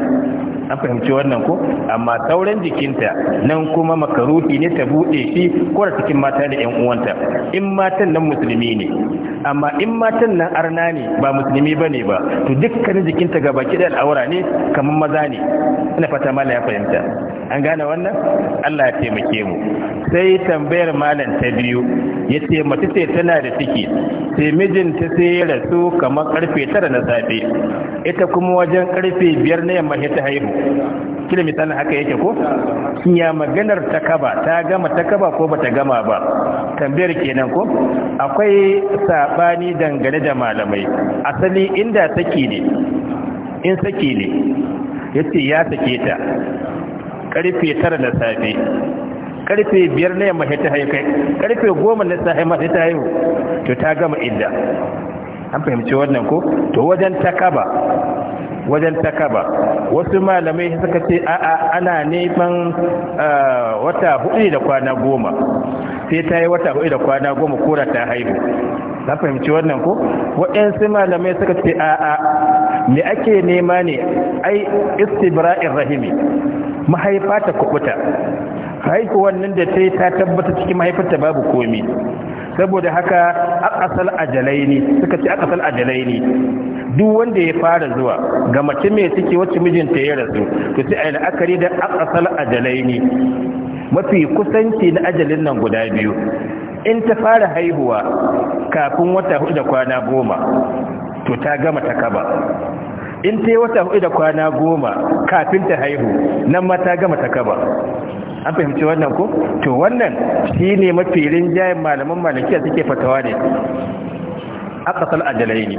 an fahimci wannan ko amma sauran jikinta nan kuma makaruhi ne ta buɗe shi ko da cikin mata da ƴan uwanta in matan nan musulmi ne amma in matan nan arna ne ba musulmi bane ba to dukkanin jikinta ga baki da al'aura ne kamar maza ne ina fata mala ya fahimta an gane wannan Allah ya taimake mu sai tambayar malam ta biyu yace mace ce tana da ciki sai mijinta sai ya rasu kamar karfe tara na safe ita kuma wajen karfe biyar na yamma ta haihu kila misalin haka yake ko ya maganar ta kaba ta gama ta kaba ko bata gama ba tambayar kenan ko akwai sabani dangane da malamai asali inda saki ne in saki ne yace ya sake ta karfe tara na safe karfe biyar na yamma ta haihu kai karfe goma na safe ma ta haihu to ta gama idda an fahimci wannan ko to wajen takaba wajen takaba wasu malamai suka ce a'a ana neman ah, wata hudu da kwana goma sai ta yi wata hudu da kwana goma da ta haihu na fahimci wannan ko waɗansu malamai suka ce a'a me ake nema ne ai istibra'in rahimi mahaifa ta kubuta haihuwan nan da ta yi ta tabbata cikin mahaifarta babu komi saboda haka akasal ajalaini suka ce akasal ajalaini duk wanda ya fara zuwa ga mace mai ciki wacce mijinta ya rasu to sai ai la'akari da akasal ajalaini mafi kusanci na ajalin nan guda biyu in ta fara haihuwa kafin wata hudu da kwana goma to ta gama ta kaba in ta yi wata hudu da kwana goma kafin ta haihu nan mata gama ta kaba an fahimci wannan ko to wannan shi ne mafi rinjayen malaman da suke fatawa ne a ƙasar ajalai ne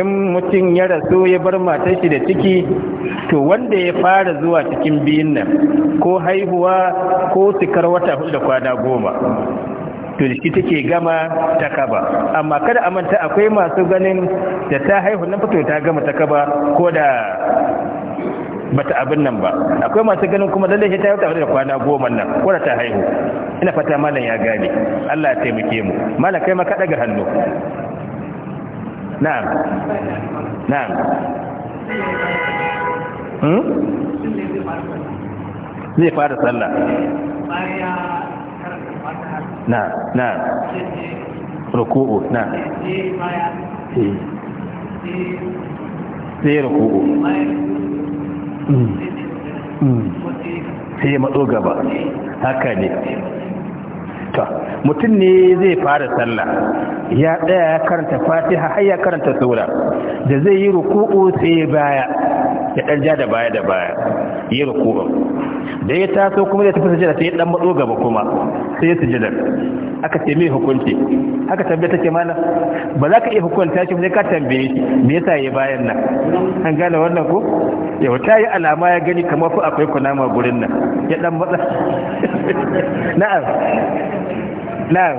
in mutum ya rasu ya bar matar shi da ciki to wanda ya fara zuwa cikin biyun nan ko haihuwa ko sikar wata hudu da kwana goma to shi take gama ta kaba amma kada a manta akwai masu ganin da ta haihu nan fito ta gama ta kaba ko da bata abin nan ba akwai masu ganin kuma lalle shi ta yau da kwana goma nan ko da ta haihu ina fata malam ya gane Allah ya taimake mu malam kai ma ka daga hannu na'am na'am hmm zai fara sallah na na ruku'u na sai ruku'u sai ya haka ne to mutum ne zai fara sallah ya tsaya ya karanta fatiha har ya karanta sura da zai yi ruku'u sai baya ya dan ja da baya da baya yi ruku'u da ya taso kuma zai tafi sujada sai ya dan matso gaba kuma sai ya sujada aka ce mai hukunci aka tambaye take mana ba za ka iya hukunta shi sai ka tambaye shi me yasa ya bayan nan an gane wannan ko yau ta yi alama ya gani kamar ku akwai kunama gurin nan ya dan matsa na'am na'am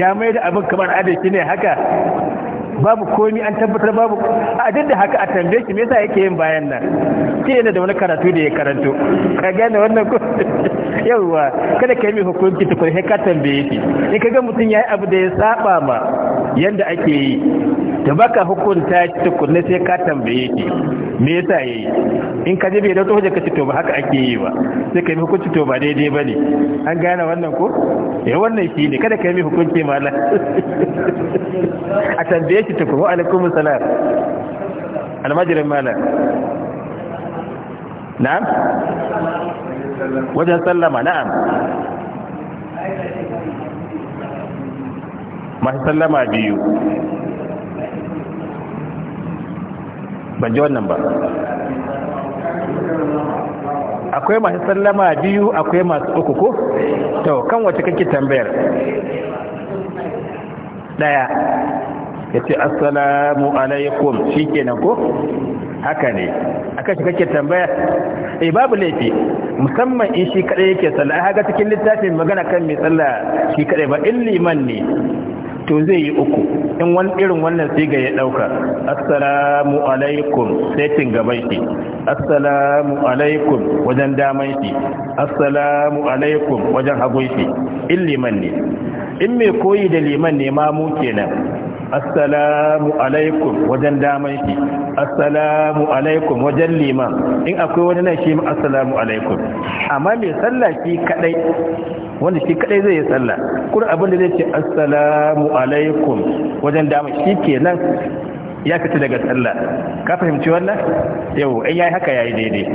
ya mai da abin kamar adalci ne haka babu komi an tabbatar babu a duk da haka a tambaye shi me yasa yake yin bayan nan shi yana da wani karatu da ya karanto ka gane wannan ko yawwa kada ka yi mai hukunci tukun sai ka tambaye shi in ka ga mutum ya yi abu da ya saba ma yanda ake yi da baka hukunta shi tukunne sai ka tambaye ki me yasa yayi in ka je bai da tsohon ka ci to ba haka ake yi ba sai ka yi hukunci to ba daidai ba ne an gane wannan ko eh wannan shi ne kada ka yi hukunci mallan a tambaye shi tukun wa alaikum salam almajirin mallan na'am wajen sallama na'am masu sallama biyu ban ji wannan ba akwai masu sallama biyu akwai masu uku ko to kan wace kake tambayar daya ya ce assalamu alaikum shi kenan ko haka ne aka shi kake tambaya eh babu laifi musamman in shi kadai yake sallah A haka cikin littafin magana kan mai sallah shi kadai ba in liman ne to zai yi uku in wani irin wannan siga ya ɗauka, assalamu alaikum sai cin gaban shi assalamu alaikum wajen daman shi assalamu alaikum wajen hagun shi in liman ne in mai koyi da liman ne ma mu kenan assalamu alaikum wajen daman shi assalamu alaikum wajen liman in akwai wani nan shi assalamu alaikum amma mai sallah shi kadai wanda shi kadai zai yi sallah kuma abin da zai ce assalamu alaikum wajen daman shi kenan ya fita daga sallah ka fahimci wannan yau in yayi haka yayi daidai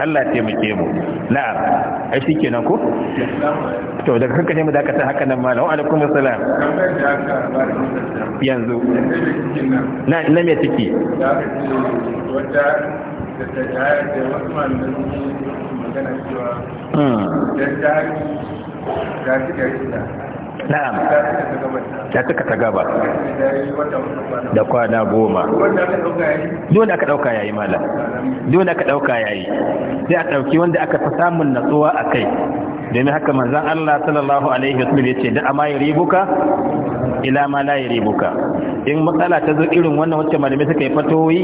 Allah taimake mu na'am ai kenan ko to daga kanka ne mu da ka ta haka nan malam wa alaikum assalam yanzu na na me take wata da ta da wasu magana cewa da ga shi da na'am ta suka ta gaba da kwana goma dole aka dauka yayi malam dole aka dauka yayi sai a dauki wanda aka fi samun natsuwa a domin haka manzon Allah sallallahu alaihi wasallam yace da ama yaribuka ila ma la yaribuka in matsala ta zo irin wannan wacce malamai suka yi fatoyi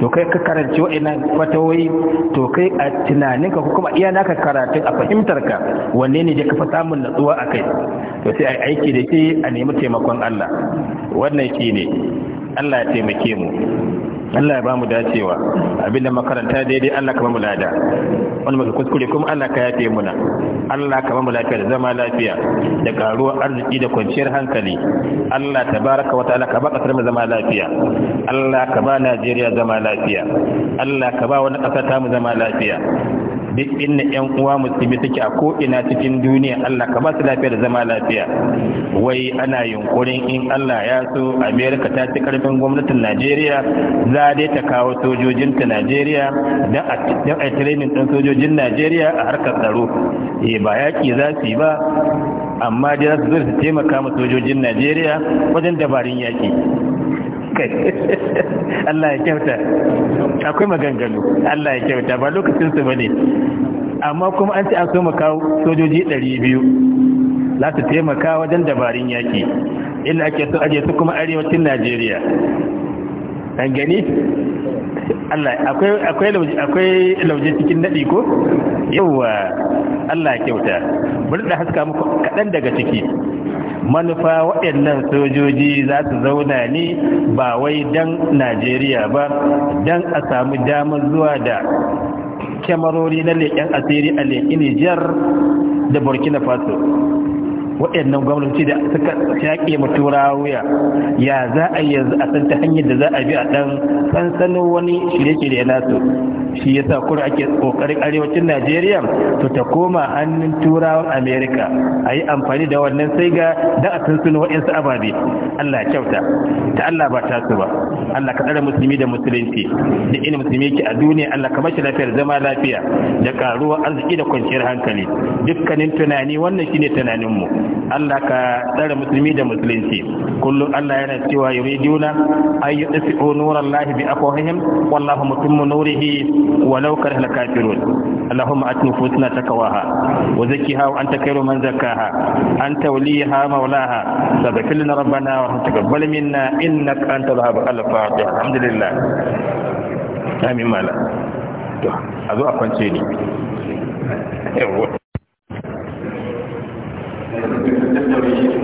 to kai ka karanci wa'annan fatoyi to kai a tunaninka ko kuma iya naka karatun a fahimtarka wanne ne je ka fa samun natsuwa a kai to sai a yi aiki da shi a nemi taimakon Allah wannan shi ne Allah ya taimake mu Allah ya ba mu dacewa abinda makaranta daidai Allah ka mu lada wani masu kuskure kuma Allah ka yafe muna Allah ka mu lafiya da zama lafiya da karuwar arziki da kwanciyar hankali Allah baraka wata ta'ala ka ba kasar mu zama lafiya Allah ka ba Najeriya zama lafiya Allah ka ba wani kasa ta mu zama lafiya duk inda yan uwa musulmi suke a ko ina cikin duniya Allah ka ba su lafiya da zama lafiya wai ana yunkurin in Allah ya so Amerika ta ci karfin gwamnatin Najeriya za dai ta kawo sojojin ta Najeriya dan a training din sojojin Najeriya a harkar tsaro eh ba yaki za su yi ba amma dai za su zo su taimaka ma sojojin Najeriya wajen dabarun yaki kai Allah ya kyauta akwai maganganu Allah ya kyauta ba lokacin su bane amma kuma an ce an so kawo sojoji 200 za su taimaka wajen dabarun yaki Ina ake so aje su kuma arewacin Najeriya an gani Allah akwai akwai akwai lauje cikin nadi ko yawa Allah ya kyauta bari da haska muku kadan daga ciki manufa waɗannan sojoji za su zauna ne ba wai dan najeriya ba don a samu damar zuwa da kyamarori na leƙen asiri a leƙin nijar da burkina faso waɗannan gwamnati da suka shaƙe mu wuya ya za a yanzu a san ta hanyar da za a bi a ɗan sansanin wani shirye-shirye nasu shi yasa kur ake kokarin arewacin Najeriya to ta koma hannun turawan Amerika A yi amfani da wannan sai ga da a tunsuna waɗansu ababe Allah kyauta ta Allah ba ta su ba Allah ka tsara musulmi da musulunci da ina musulmi yake a duniya Allah ka mashi lafiyar zama lafiya da karuwa arziki da kwanciyar hankali dukkanin tunani wannan shine tunanin mu Allah ka tsara musulmi da musulunci kullum Allah yana cewa yuriduna ayyudfi nuran lahi bi afwahihim wallahu mutimmu nurihi ولو كره الكافرون اللهم ات نفوسنا تقواها وزكها وانت خير من زكاها انت وليها مولاها فاغفر لنا ربنا وتقبل منا انك انت الوهاب الفاتح الحمد لله amin mala to a zo a kwance ne yawwa